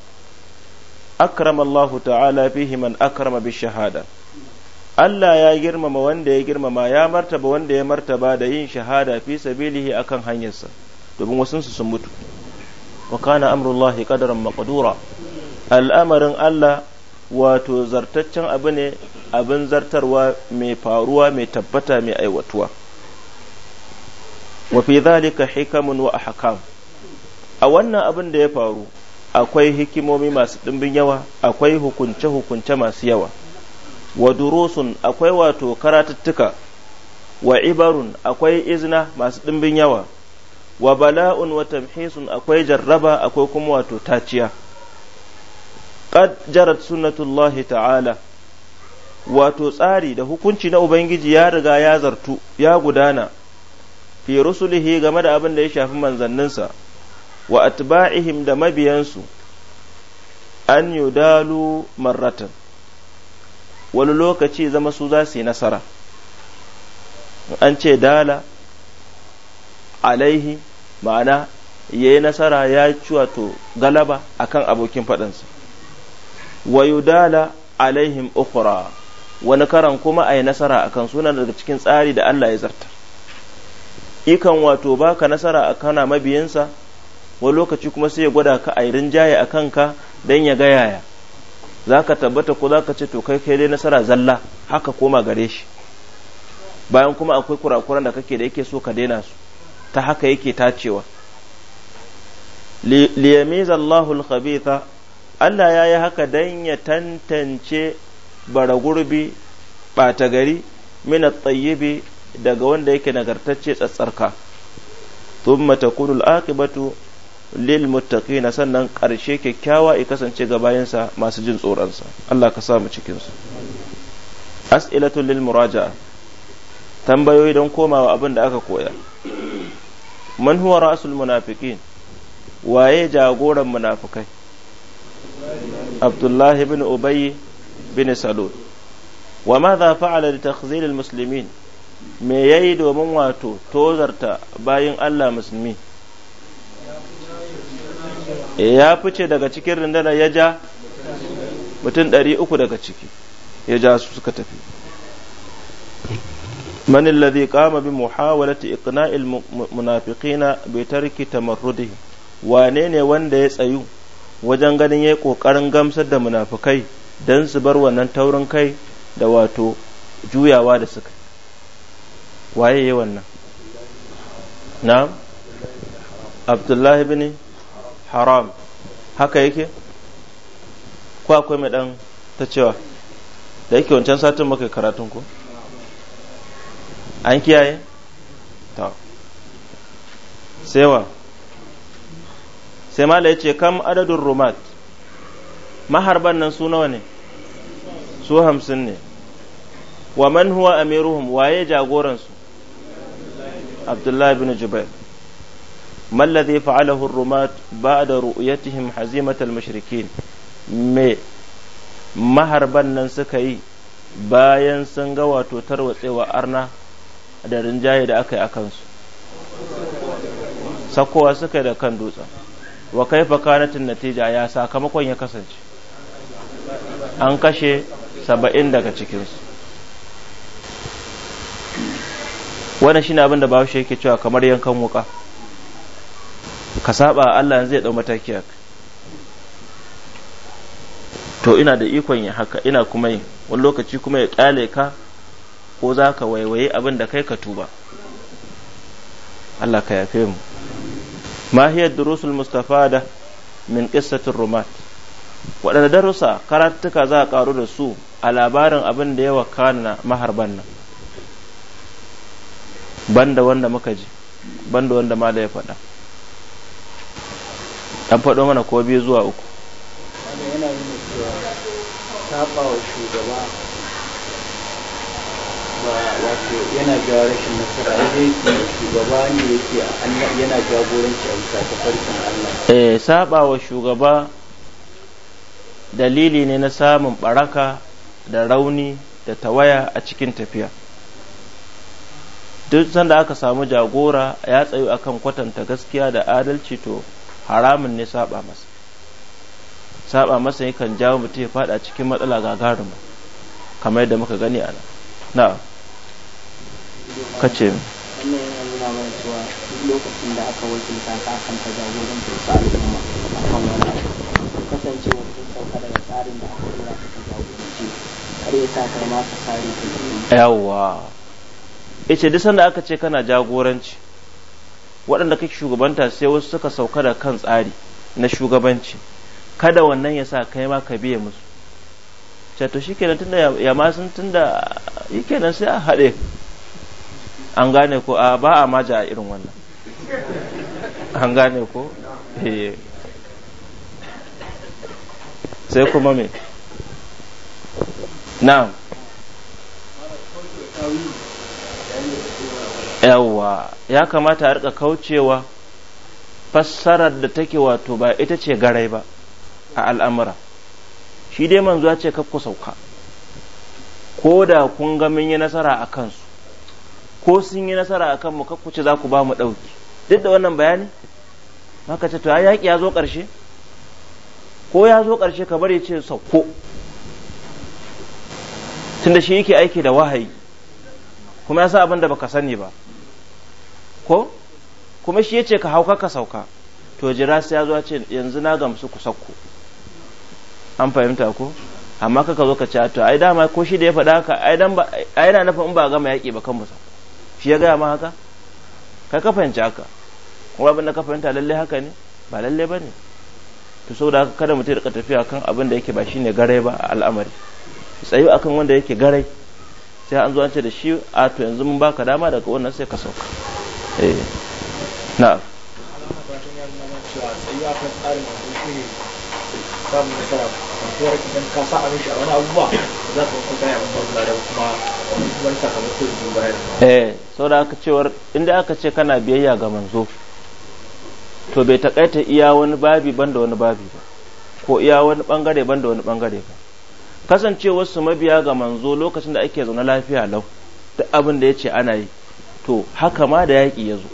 akramallahu ta'ala fihi man akrama bi shahada Allah ya girmama wanda ya girmama ya martaba wanda ya martaba da yin shahada fi sabilihi akan hanyarsa domin wasu su sun mutu wa kana amrullahi qadaran maqdura al'amarin Allah wato zartaccen abu ne abin zartarwa mai faruwa mai tabbata mai aiwatuwa wa fi dhalika hikamun wa ahkam a wannan abin da ya faru akwai hikimomi masu ɗimbin yawa akwai hukunce hukunce masu yawa wa durusun akwai wato karatuttuka wa ibarun akwai izna masu ɗimbin yawa wa bala'un wa tamhisun akwai jarraba akwai kuma wato taciya qad jarat sunnatullahi ta'ala wato tsari da hukunci na ubangiji ya riga ya zartu ya gudana fi rusulihi game da abin da ya shafi manzanninsa wa atba'ihim da mabiyansu an yudalu marratan wani lokaci zama su za su yi nasara an ce dala alaihi ma'ana ya yi nasara ya ci wato galaba akan abokin faɗansa wayu dala alaihim ukura wani karan kuma a yi nasara akan suna daga cikin tsari da Allah ya zarta? ikan wato baka nasara a kana mabiyinsa wani lokaci kuma sai ya gwada ka a yi rinjaye a kanka don ya gayaya. za ka tabbata ko za ka ce to kai kai dai nasara zalla haka koma gare shi bayan kuma akwai kurakuran da kake da yake so ka daina su ta haka yake tacewa cewa. Allahu al-khabitha Allah ya yi haka dan ya tantance baragurbi ɓata gari mina tsayyibi daga wanda yake nagartacce tsatsarka thumma takunu al lil muttaqina sannan ƙarshe kyakkyawa ya kasance ga bayansa masu jin tsoronsa Allah ka sa mu cikin su as'ilatu lil muraja. tambayoyi don komawa abin da aka koya man huwa rasul munafiqin waye jagoran munafikai abdullahi bin ubay bin salul wa madha fa'ala li takhzil al muslimin me yayi domin wato tozarta bayin Allah musulmi Eh, ya fice daga cikin rundunar ya ja mutum ɗari uku daga ciki ya ja su suka tafi man alladhi qama bi muhawalati iqna'il munafiqina bi tarki tamarrudihi wane ne wanda ya tsayu wajen ganin yayi kokarin gamsar da munafikai dan su bar wannan taurin kai da wato juyawa da suka waye yayi wannan naam. abdullahi ibn. haram haka yake ko akwai mai dan ta cewa da yake wancan satin muka karatun ku an kiyaye ta sewa sai mala ya ce kam adadin rumat maharban nan su nawa ne su hamsin ne wa man huwa amiruhum waye jagoransu abdullahi bin jubair ما الذي فعله الرماة بعد رؤيتهم حزيمة mashirikin مي maharban nan suka yi bayan sun ga wato tarwatsewa arna da rinjaye da aka yi a kansu sakowa suka yi da kan dutsen wa kaifa kanatin natija ya sakamakon ya kasance an kashe saba'in daga cikinsu wannan shine abinda da bahaushe yake cewa kamar yankan wuƙa. ka saba Allah zai dau mataki haka to ina da ikon ya haka ina kuma yi wani lokaci kuma ya kyale ka ko za ka waiwaye abin da kai ka tuba Allah ka yafe mu mahiyar durusul mustafa da min qissatir rumat waɗanda darussa karatuka za a ƙaru da su a labarin abin da ya wakana na maharban nan banda wanda muka ji banda wanda ma ya faɗa an faɗo mana ko biyu zuwa uku yana shugaba jawo rashin nasara shugaba ne yake yana jagoranci a bisa farkin Allah eh saba shugaba dalili ne na samun baraka da rauni da tawaya a cikin tafiya duk sanda aka samu jagora ya tsayu akan kwatanta gaskiya da adalci to haramun ne saba masa saba masa yakan jawo mutum ya fada cikin matsala gagaruma kamar yadda muka gani a na kace wannan yana nuna mana cewa lokacin da aka wakilta ka akan ka jagoranci wasu al'umma akan wani abu kasancewa sun sauka daga tsarin da aka dora ka jagoranci har ya sa ka ma ka sare ta yawwa yace duk sanda aka ce kana jagoranci waɗanda kake shugabanta sai wasu suka sauka da kan tsari na shugabanci kada wannan ya sa kai ma ka biye musu cato shi kenan tunda ya ma sun tunda yi kenan sai a haɗe an gane ko a ba a maja a irin wannan an gane ko eh. sai kuma me na'am yawwa ya kamata a rika kaucewa fassarar da take wato ba ita ce garai ba a al'amura shi dai manzo ce ku sauka ko da kun ga mun yi nasara a kansu ko sun yi nasara a kanmu kakku ce za ku ba mu ɗauki duk da wannan bayani maka ce to ya yaƙi ya zo ƙarshe ko ya zo ƙarshe kamar ya ce sauko tunda shi yake aiki da wahayi kuma ya sa abin da baka sani ba ko kuma shi ce ka hauka ka sauka to jira sai ya zo ce yanzu na gamsu ku sakko an fahimta ko amma ka zo ka ce to ai dama ko shi da ya faɗa haka ai dan ba ai yana nufin in ba gama yaƙi ba kan musa shi ya gaya ma haka ka ka fahimci haka kuma abin da ka fahimta lalle haka ne ba lalle ba ne to saboda haka kada mutum rika tafiya kan abin da yake ba shine garai ba a al'amari tsayu akan wanda yake garai sai an zo ce da shi a to yanzu mun baka dama daga wannan sai ka sauka eh na'am eh, samun nasara da eh saboda aka cewar inda aka ce kana biyayya ga manzo to bai takaita iya wani babi ban da wani babi ba ko iya wani bangare ban da wani bangare ba kasancewar su mabiya ga manzo lokacin da ake zaune lafiya lau duk abin da ya ce ana yi to haka ma da yaƙi ya zo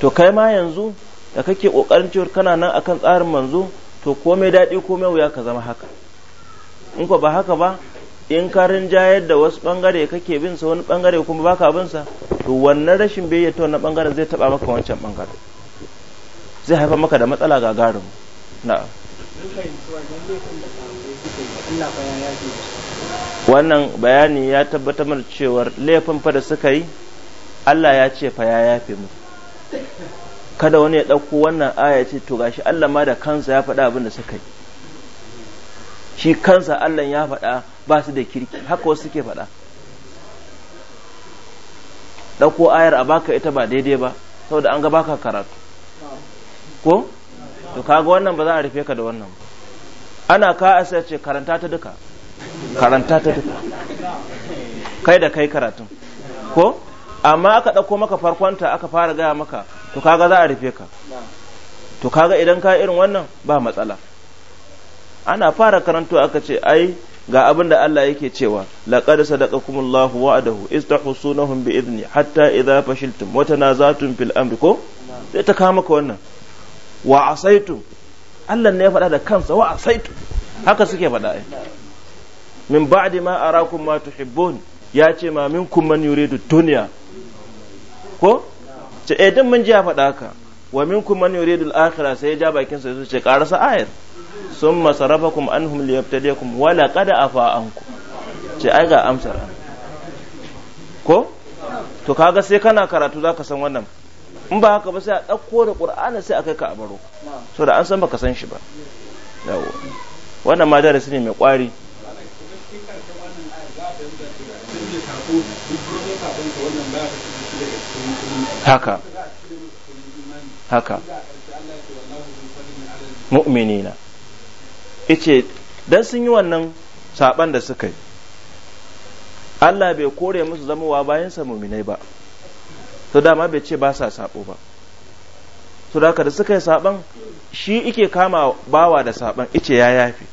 to kai ma yanzu da kake ƙoƙarin cewar kana nan akan tsarin manzo to komai daɗi komai wuya ka zama haka in ba haka ba in karin rinjayar da wasu ɓangare kake bin sa wani ɓangare kuma baka bin sa to wannan rashin biyayya ta wannan ɓangaren zai taɓa maka wancan ɓangare zai haifar maka da matsala gagarin na'am wannan bayani ya tabbatar mana cewar laifin fa da suka yi Allah ya ce fa ya yafe mu kada wani ya ɗauko wannan aya ce to gashi Allah ma da kansa ya faɗa abin da suka yi shi kansa Allah ya faɗa ba su da kirki haka wasu suke faɗa ɗauko ayar a baka ita ba daidai ba saboda an ga baka karatu ko to kaga wannan ba za a rufe ka da wannan ana ka ce karanta ta duka karanta ta duka kai da kai karatun ko amma aka ɗauko maka farkonta aka fara gaya maka to kaga za a rufe ka to kaga idan ka irin wannan ba matsala ana fara karanto aka ce ai ga abin da Allah yake cewa laqad sadaqakumullahu wa'adahu istahusunahum bi izni hatta idza fashiltum wa tanazatum fil amri ko sai ta kama ka wannan wa asaitu Allah ne ya faɗa da kansa wa asaitu haka suke faɗa ai min ba'di ma arakum ma tuhibbun ya ce ma minkum man yuridu dunya ko ce eh dan mun ji ya faɗa haka wa minkum man yuridu al-akhirah sai ya ja bakin sa ya ce karasa ayar summa sarafakum anhum liyabtadiyakum wa laqad afa anku ce ai ga amsar ko to kaga sai kana karatu zaka san wannan in ba haka ba sai a ɗauko da ƙur'ana sai a kai ka a baro so da an san baka san shi ba yawo wannan ma darasi ne mai kwari. haka haka mu'minina ice dan sun yi wannan saban da suka yi Allah bai kore musu zamowa sa muminai ba to dama bai ce ba sa sabo ba to da da suka yi saban shi ike kama bawa da saban ice ya yafi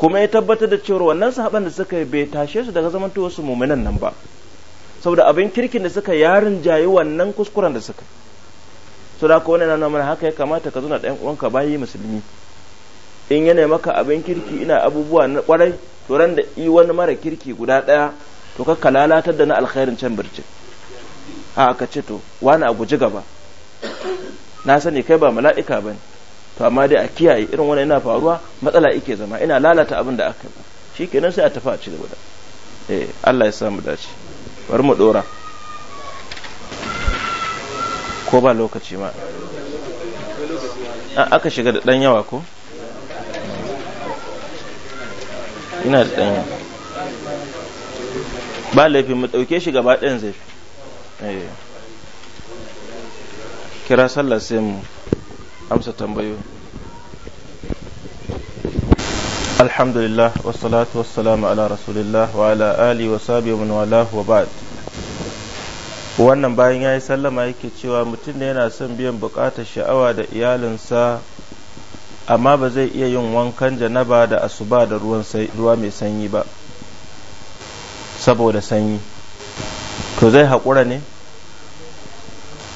kuma ya tabbatar da cewa wannan sahaban da suka yi bai tashe su daga zaman su muminan nan ba saboda abin kirkin da suka yarin jayi wannan kuskuren da suka su da haka wannan namar haka ya kamata ka zo na ɗan uwanka bayi musulmi in yana maka abin kirki ina abubuwa na kwarai to ran da i wani mara kirki guda ɗaya to ka lalatar da na alkhairin can birce a aka ce to wani a guji gaba na sani kai ba mala'ika ba ne to amma dai a kiyaye irin wannan yana faruwa matsala yake zama ina lalata abin da aka yi shikenan sai a tafi a ci gaba eh Allah ya samu dace bari mu dora ko ba lokaci ma A aka shiga da dan yawa ko ina da dan yawa ba laifin mu dauke shi gaba ɗayan zai eh kira sallar sai mu amsa tambayo alhamdulillah wasalatu wassalamu ala rasulillah wa ala ali wa sabi wa walahu wa ba'd wannan bayan yayi sallama yake cewa mutum ne yana son biyan bukatar sha'awa da iyalinsa amma ba zai iya yin wankan janaba da asuba da ruwa mai sanyi ba saboda sanyi to zai haƙura ne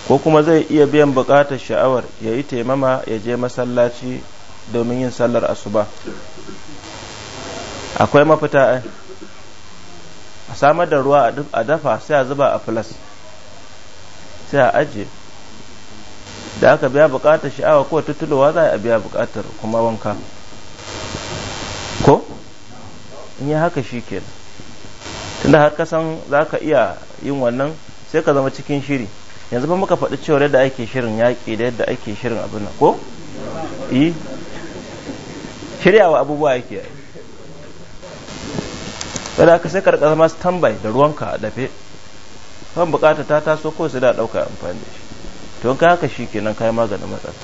ko kuma zai iya biyan buƙatar sha'awar ya yi taimama ya je masallaci domin yin sallar asuba akwai mafita ai a samar da ruwa a dafa sai a zuba a filas sai a ajiye da aka biya buƙatar sha'awa ko tutulowa za a biya buƙatar kuma wanka ko in yi haka shi ke tunda har kasan za ka iya yin wannan sai ka zama cikin shiri yanzu ba muka faɗi cewar yadda ake shirin yaƙi da yadda ake shirin abin nan ko yi e, shiryawa abubuwa yake yi kada ka sai karka zama su tambayi da ruwanka a dafe kan bukata ta taso ko su da ɗauka amfani da shi to ka haka shi kenan kai maganin matsala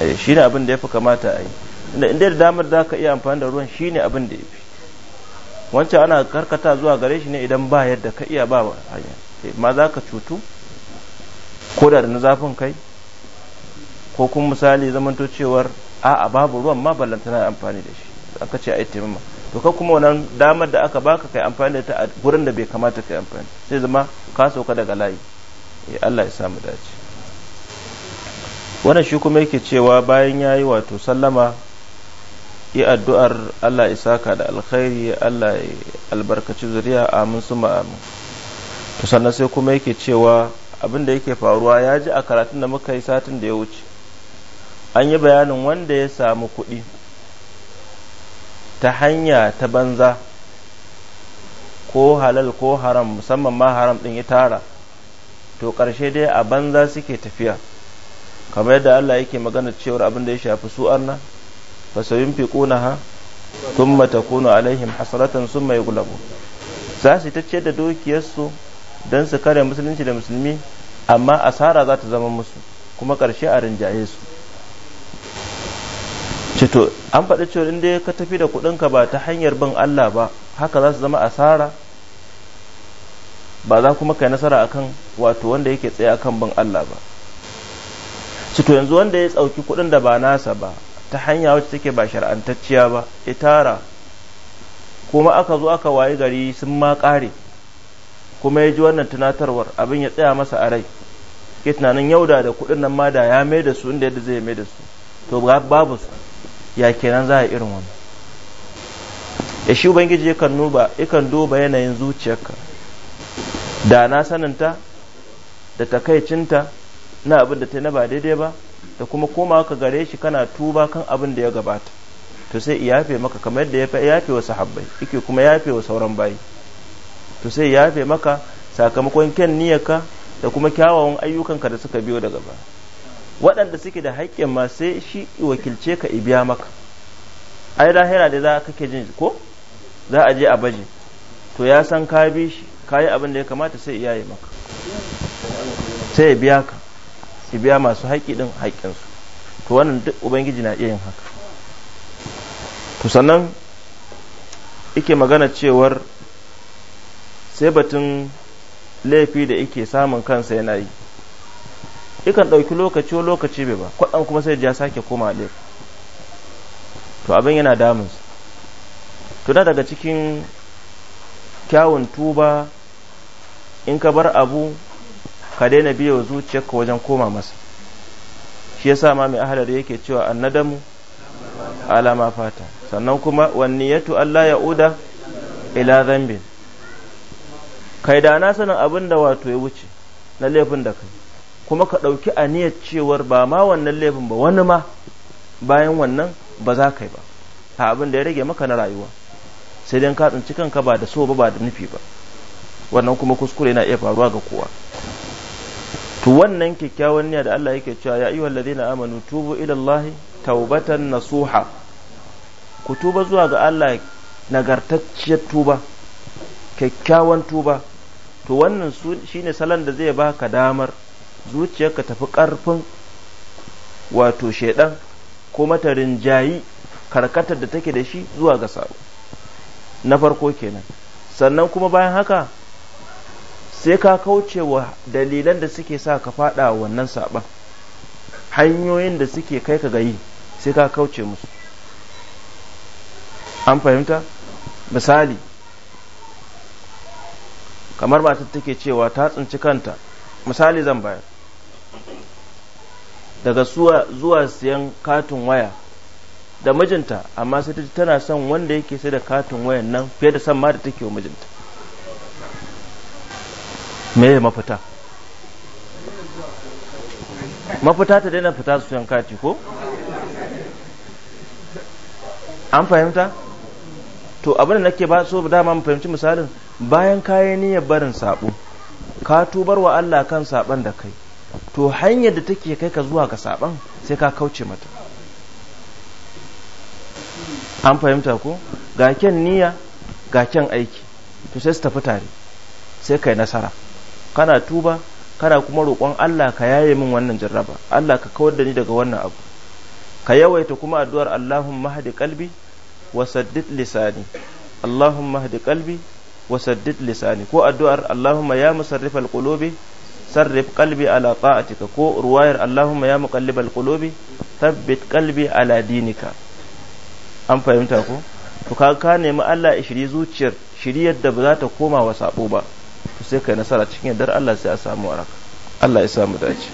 eh, shi ne abin da ya fi kamata a yi inda inda da damar za ka iya amfani da ruwan shi ne abin da ya fi wancan ana karkata zuwa gare shi ne idan ba yadda ka iya ba hanya eh, ma za ka cutu ko da na zafin kai ko kuma misali zamanto cewar a'a babu ruwan ma ballantana amfani da shi aka ce ai taimama to ka kuma wannan damar da aka baka kai amfani da ta a gurin da bai kamata kai amfani sai zama ka sauka daga layi eh Allah ya samu dace wannan shi kuma yake cewa bayan yayi wato sallama yi addu'ar Allah ya saka da alkhairi Allah ya albarkaci zuriya amin suma amin to sannan sai kuma yake cewa abin da yake faruwa ya ji a karatun da muka yi satin da ya wuce an yi bayanin wanda ya samu kuɗi ta hanya ta banza ko halal ko haram musamman ma haram ɗin ya tara to ƙarshe dai a banza suke tafiya kamar yadda Allah yake magana cewar abin da ya shafi su arna fa sayun fiqunaha thumma takunu alaihim hasratan summa yughlabu za su ta ce da dokiyarsu don su kare musulunci da musulmi amma asara za ta zama musu kuma ƙarshe a rinjaye su cito an faɗi cewa inda ka tafi da kuɗinka ba ta hanyar bin Allah ba haka za su zama asara ba za kuma kai nasara akan wato wanda yake tsaye akan bin Allah ba cito yanzu wanda ya tsauki kuɗin da ba nasa ba ta hanya wacce take ba shar'antacciya ba itara kuma aka zo aka wayi gari sun ma ƙare kuma ya ji wannan tunatarwar abin ya tsaya masa a rai ke tunanin yau da kuɗin nan ma da ya mai da su inda yadda zai mai da su to babu su ya kenan za a irin wani ya shi ubangiji yakan duba yakan duba yanayin zuciyarka da na saninta da takaicinta na abin da ta na ba daidai ba da kuma koma ka gare shi kana tuba kan abin da ya gabata to sai iyafe maka kamar yadda ya iyafe wa sahabbai ike kuma yafe wa sauran bayi to sai ya yafe maka sakamakon kyan niyyarka da kuma kyawawan ayyukan ka da suka biyo daga baya waɗanda suke da haƙƙin ma sai shi wakilce ka ibiya maka ai lahira da za ka ke jin ko za a je a baje to ya san ka bi shi ka yi abin da ya kamata sai iyaye maka sai ya biya ka ibiya masu haƙƙi ɗin haƙƙinsu to wannan duk ubangiji na iya yin haka to sannan ike magana cewar sai batun laifi da yake samun kansa yana yi ikan ɗauki lokaci lokaci bai ba kwaɗan kuma sai ya sake koma laifi to abin yana damunsa da daga cikin kyawun tuba in ka bar abu ka daina biya zuciyarka wajen koma masa shi yasa ma mai ahalar yake cewa annadamu alama fata sannan kuma wanniyatu Allah ya uda ila zambin kai da na sanin abin da wato ya wuce na laifin da kai kuma ka ɗauki aniyar cewar ba ma wannan laifin ba wani ma bayan wannan ba za ka yi ba a abin da ya rage maka na rayuwa sai dai ka tsinci kanka ba da so ba ba da nufi ba wannan kuma kuskure yana iya faruwa ga kowa to wannan kyakkyawan niyya da Allah yake cewa ya ayyuhal ladina amanu tubu ila Allah taubatan nasuha ku tuba zuwa ga Allah nagartacciyar tuba kyakkyawan tuba to wannan shi ne salon da zai baka damar ka tafi ƙarfin wato shaidan ko mata rinjayi karkatar da take da shi zuwa ga sabo na farko kenan sannan kuma bayan haka sai ka kauce wa dalilan da suke sa ka fada wannan saban hanyoyin da suke kai ka gayi sai ka kauce musu an fahimta misali kamar matar take cewa ta tsinci kanta misali zan bayar daga zuwa siyan katin waya da mijinta amma sai tana son wanda yake sai da katin wayan nan fiye da son ma da take wa mijinta me ya mafita mafita ta daina fita su yan kati ko an fahimta to abin da nake ba so dama mu fahimci misalin bayan kayan niyyar barin sabo ka tubar wa Allah kan saban da kai to hanyar da take kai ka zuwa ga saban sai ka kauce mata an fahimta ko ga kyan niyya ga kyan aiki to sai su tafi tare sai kai nasara kana tuba kana kuma roƙon Allah ka yaye min wannan jarraba Allah ka kawar da ni daga wannan abu ka yawaita kuma addu'ar Allahumma hadi qalbi wa saddid lisani Allahumma hadi qalbi wa saddid lisani ko addu'ar Allahumma ya musarrifal qulubi sarrif qalbi ala ta'atika ko ruwayar Allahumma ya muqallibal qulubi thabbit qalbi ala dinika an fahimta ko to ka ka nemi Allah ya shiri zuciyar shiriyar da ba za ta koma wa sabo ba to sai kai nasara cikin yardar Allah sai a samu waraka Allah ya samu dace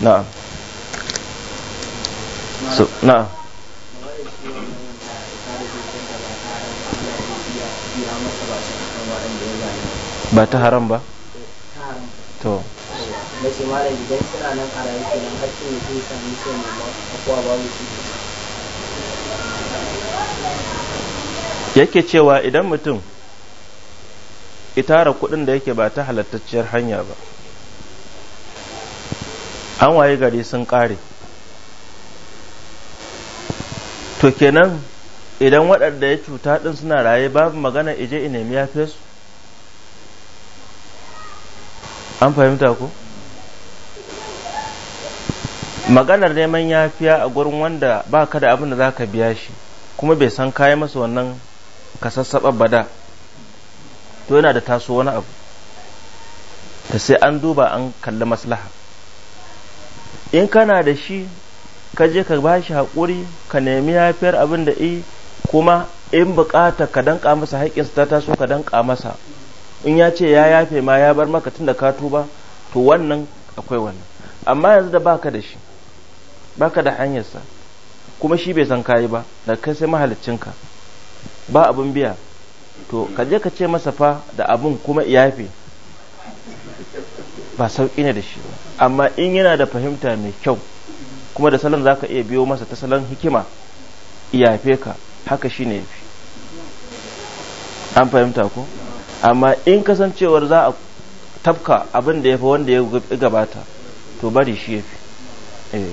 na'am so na'am ba ta haram ba to yake cewa idan mutum itara kudin da yake ba ta halattacciyar hanya ba an waye gari sun kare to kenan idan waɗanda ya cuta ɗin suna raye babu magana ije ina ya fesu an fahimta ko maganar neman yafiya a gurin wanda ba ka da abin da za ka biya shi kuma bai san kayi masa wannan ka sassaɓa bada to yana da taso wani abu ta sai an duba an kalli maslaha in kana da shi ka je ka ba shi haƙuri ka nemi yafiyar abin da i kuma in buƙata ka danƙa masa haƙƙinsa ta taso ka danƙa masa in ya ce ya yafe ma ya bar maka tunda ka tuba to wannan akwai wannan amma yanzu da baka da shi baka da hanyarsa kuma shi bai san kayi ba da kai sai mahaliccinka ba abin biya to ka je ka ce masa fa da abin kuma yafe ba sauki ne da shi ba amma in yana da fahimta mai kyau kuma da salon zaka iya biyo masa ta salon hikima iyafe ka haka shine yafi an fahimta ko amma in kasancewar za a tafka abin da ya fi wanda ya gabata to bari shi ya fi eh.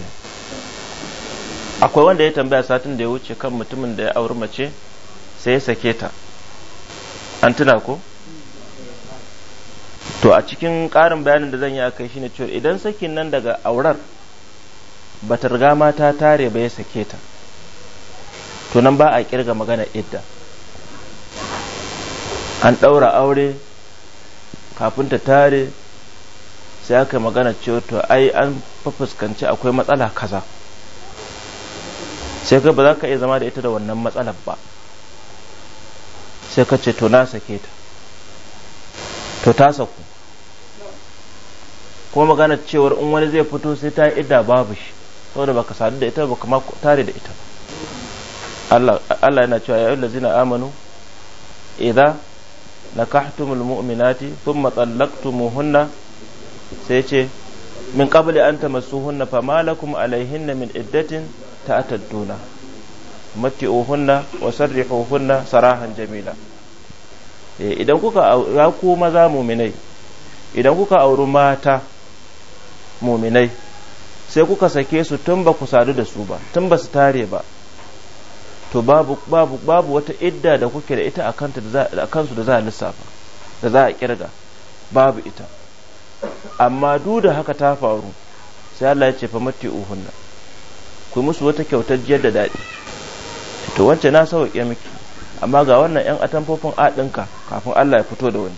akwai wanda ya tambaya satin da ya wuce kan mutumin da ya auri mace sai ya sake ta an tuna ko to a cikin ƙarin bayanin da zan yi shi shine cewa idan sakin nan daga aurar ba ta riga mata tare ba ya sake ta to nan ba a kirga magana idda an ɗaura aure kafin ta tare sai aka magana cewa to ai an fuskanci akwai matsala kaza sai ka ba za ka iya zama da ita da wannan matsalar ba sai ka ce to na sake ta to ta saku kuma magana cewar in wani zai fito sai ta idda babu shi saboda baka sadu da ita baka kuma tare da ita Allah yana cewa ya yi lazina amanu idan nakahtumul mu'minati thumma tallaqtumuhunna sai ce min qabli an tamassuhunna fama lakum alaihinna min iddatin ta'tadduna mati'uhunna wa sarrihuhunna sarahan jamila idan kuka ya ku maza muminai idan kuka auri mata muminai sai kuka sake su tun ba ku sadu da su ba tun ba su tare ba to babu babu babu wata idda da kuke da ita a kanta da kansu da za a lissafa da za a kirga babu ita amma duk da haka ta faru sai Allah ya ce fa matti uhunna ku musu wata kyautar jiyar da daɗi to wacce na sauƙe miki amma ga wannan yan atamfofin a kafin Allah ya fito da wani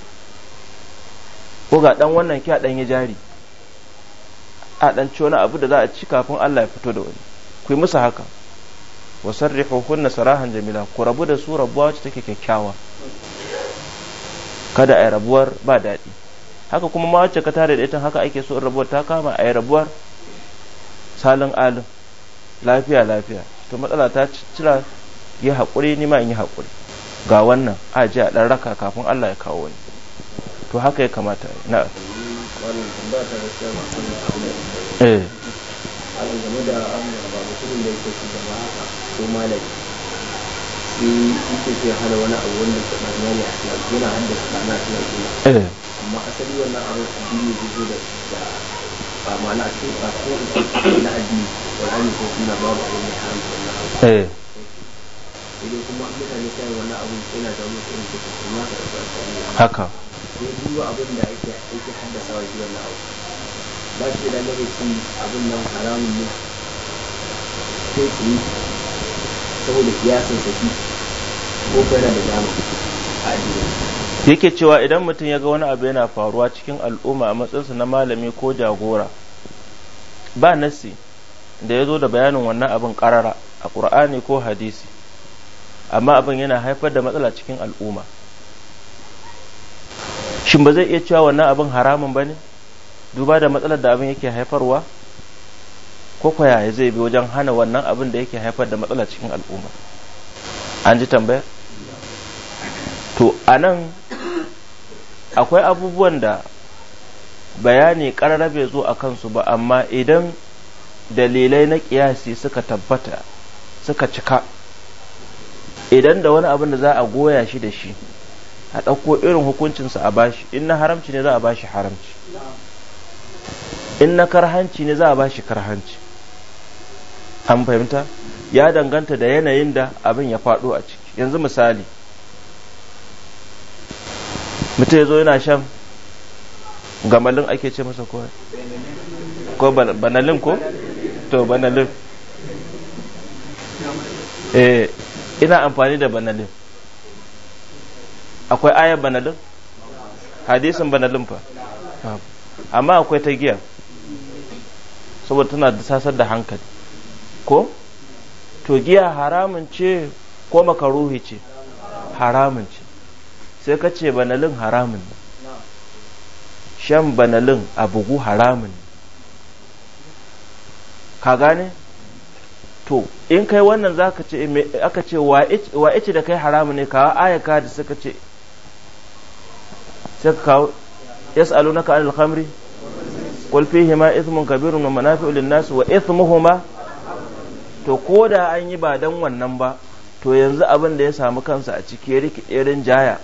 ko ga dan wannan kya dan ya jari a dan ci wani abu da za a ci kafin Allah ya fito da wani ku yi musu haka wa sarrihuhunna sarahan jamila ku rabu da su rabuwa wacce take kyakkyawa kada ai rabuwar ba daɗi haka kuma ma wacce ka tare da ita haka ake so in rabuwar ta kama ai rabuwar salin alin lafiya lafiya to matsala ta cira yi haƙuri ni ma in yi haƙuri ga wannan a ji a ɗan raka kafin Allah ya kawo wani to haka ya kamata na eh ko malami sai yake sai hana wani abu wanda ke ɓarna ne a filafi yana haddasa ɓarna a filafi eh. amma asali wannan abin addini zai da ba ma'ana a ba ko na addini ƙwararri ko suna babu abu eh. sai kuma mutane sai wannan abin yana da wani irin da kuma ka da ba haka sai duba abin da ake ake haddasa wa shi wannan abu ba shi da lalaci abin nan haramun ne sai saboda kiyasin shi ko yana da dama a addini yake cewa idan mutum ya ga wani abu yana faruwa cikin al'umma a matsayinsa na malami ko jagora ba nassi da ya zo da bayanin wannan abin karara a ƙur'ani ko hadisi amma abin yana haifar da matsala cikin al'umma shin ba zai iya cewa wannan abin haramun ba ne duba da matsalar da abin yake haifarwa ko yaya zai bi wajen hana wannan abin da yake haifar da matsala cikin al'umma an ji tambaya. to a nan akwai abubuwan da bayani ƙarara bai zo a kansu ba amma idan dalilai na ƙiyasi suka tabbata suka cika idan da wani abin da za a goya shi da shi a ɗauko irin hukuncinsa a bashi in na haramci ne za a bashi haramci in na karhanci ne za a bashi karhanci an fahimta ya danganta da yanayin da abin ya faɗo a ciki yanzu misali mutum ya zo yana shan gamalin ake ce masa ko ko banalin ko to banalin eh ina amfani da banalin akwai ayar banalin hadisin banalin fa amma akwai ta giya saboda tana da sasar da hankali ko to giya haramun ce ko makaruhi ce haramun ce sai ka ce banalin haramun ne shan banalin a bugu haramun ne ka gane to in kai wannan za ka ce aka ce wa ice da kai haramun ne kawo ayaka da suka ce sai ka kawo yas'alunaka ka khamri qul fihi ma ithmun kabirun wa manafi'u lin-nas wa ithmuhuma to ko da an yi ba dan wannan ba to yanzu abin da ya samu kansa a ciki ya rikiɗe jaya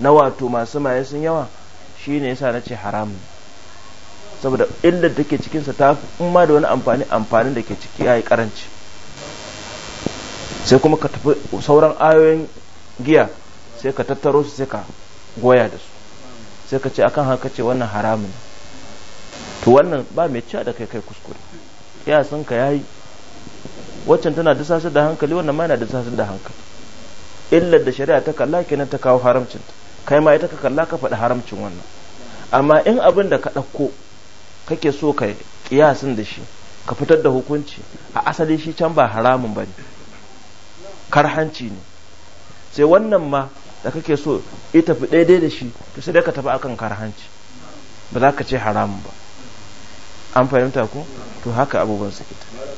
na wato masu maye sun yawa shi ne yasa na ce haram saboda illar da ke cikinsa ta fi in da wani amfani amfanin da ke ciki ya yi karanci sai kuma ka tafi sauran ayoyin giya sai ka tattaro su sai ka goya da su sai ka ce akan haka ce wannan haramun to wannan ba mai cewa da kai kai kuskure ya sun ka yayi waccan tana dusasar da hankali wannan ma yana dusasar da hankali illar da shari'a ta kalla kenan ta kawo haramcin kai ma ita ka kalla ka faɗi haramcin wannan amma in abin da ka ɗauko kake so ka kiyasin da shi ka fitar da hukunci a asali shi can ba haramun ba ne karhanci ne sai wannan ma da kake so ita fi daidai da shi to sai dai ka tafi akan karhanci ba za ka ce haramun ba an fahimta ko to haka abubuwan su suke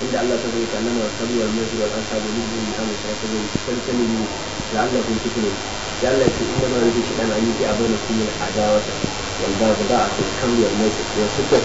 inda Allah ta zai kallon wa kalwar mai wa an sabu ne mai amma ta ta zai kalta ne mai da Allah kun cikin ne ya Allah ce in gama rufe shi ɗan ayyuki a bane kuma a dawa ta wanda ba za a kai kalwar mai su ya suka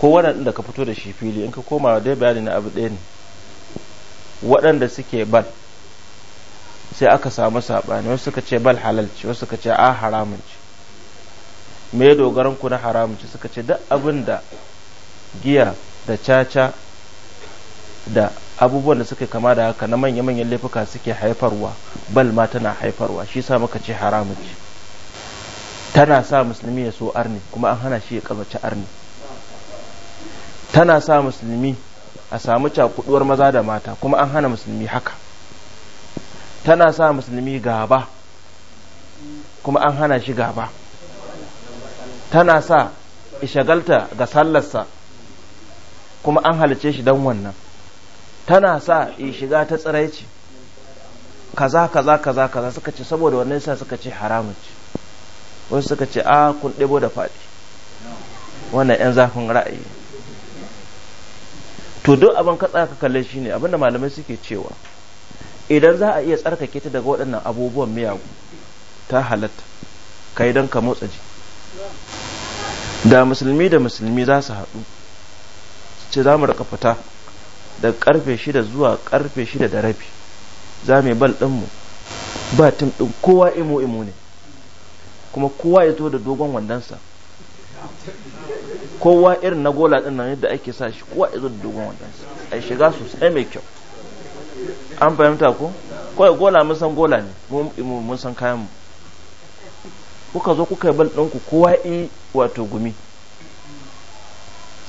ko waɗanda da ka fito da shi fili in ka koma dai bayani na abu ɗaya ne waɗanda suke bal sai aka samu saɓani wasu suka ce bal halalci wasu suka ce a haramunci me dogaran ku na haramunci suka ce duk abin da giya da caca da abubuwan da suka kama da haka na manya-manyan laifuka suke haifarwa bal ma tana haifarwa shi sa muka ce haramunci tana sa musulmi ya so arni kuma an hana shi ya kazaci arni tana sa musulmi a samu cakuduwar maza da mata kuma an hana musulmi haka tana sa musulmi gaba kuma an hana shi gaba tana sa ishagalta ga sallarsa kuma an halice shi don wannan tana sa shiga ta tsiraici kaza kaza kaza kaza suka ce saboda wannan sa suka ce haramun ce wasu suka ce a ah, kun ɗebo da faɗi wannan 'yan zafin ra'ayi to duk abin ka tsaka kalle shi ne abinda malamai suke cewa idan za a iya tsarkake ta daga waɗannan abubuwan miyagu ta halatta kai don ka motsa ji da musulmi da musulmi za su haɗu ce za mu raka fita da ƙarfe shida zuwa ƙarfe shida da rabi za mu yi bal ɗinmu ba tim ɗin kowa imo imo ne kuma kowa ya zo da dogon wandonsa kowa irin na gola din nan yadda ake sa shi kowa izo da dogon wadansa a shiga sosai mai kyau an fahimta ko kawai gola mun san gola ne mun san kayan mu kuka zo kuka bal bal ku kowa yi wato gumi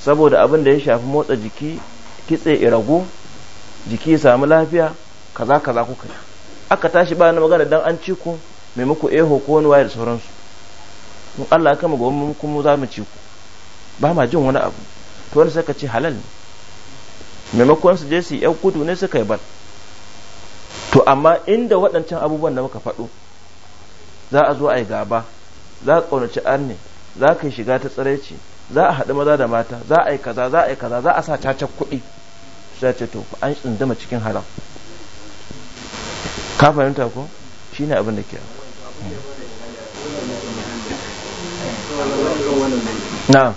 saboda abin da ya shafi motsa jiki kitse irago jiki ya samu lafiya kaza kaza kuka aka tashi ba na magana dan an ci ku mai muku eho ko wani waye da sauransu mun Allah ya kama gobe mun kuma za mu ci ku ba ma jin wani abu to wani suka ce halal ne maimakon su je su yi kudu ne suka yi bar to amma inda waɗancan abubuwan da muka faɗo za a zo a yi gaba za a ƙaunaci arne za ka yi shiga ta tsiraici za a haɗu maza da mata za a yi kaza za a yi kaza za a sa cacar kuɗi sai ce to an tsindama cikin haram ka fahimta ko ne abin da ke na'am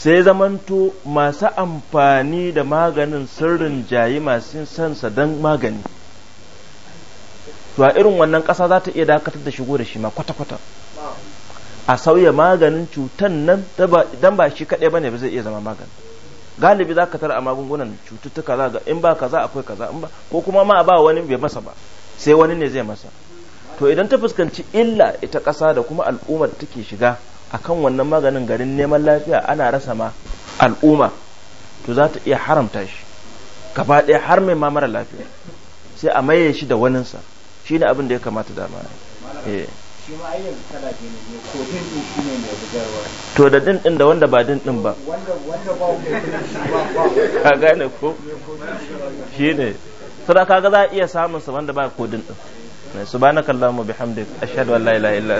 sai zamanto masu amfani da maganin sirrin jayi masu sansa don magani to a irin wannan ƙasa za ta iya dakatar da shigo da shi ma kwata-kwata a sauya maganin cutan nan don ba shi kaɗai ba ne ba zai iya zama magani galibi za ka tara a magungunan cututtuka za ga in ba kaza akwai kaza in ba ko kuma ma ba wani bai masa ba sai wani ne zai masa to idan ta fuskanci illa ita ƙasa da kuma al'ummar da take shiga akan wannan maganin garin neman lafiya ana rasa ma al'umma to za ta iya haramta shi gaba ɗaya har mai mamara mara lafiya sai a maye shi da waninsa shi ne abin da ya kamata dama ne eh. to da din din da wanda ba din din ba ka gane ko shi ne sadaka ga za a iya samun sa wanda ba ko din din subhanakallahumma bihamdika ashhadu an la ilaha illa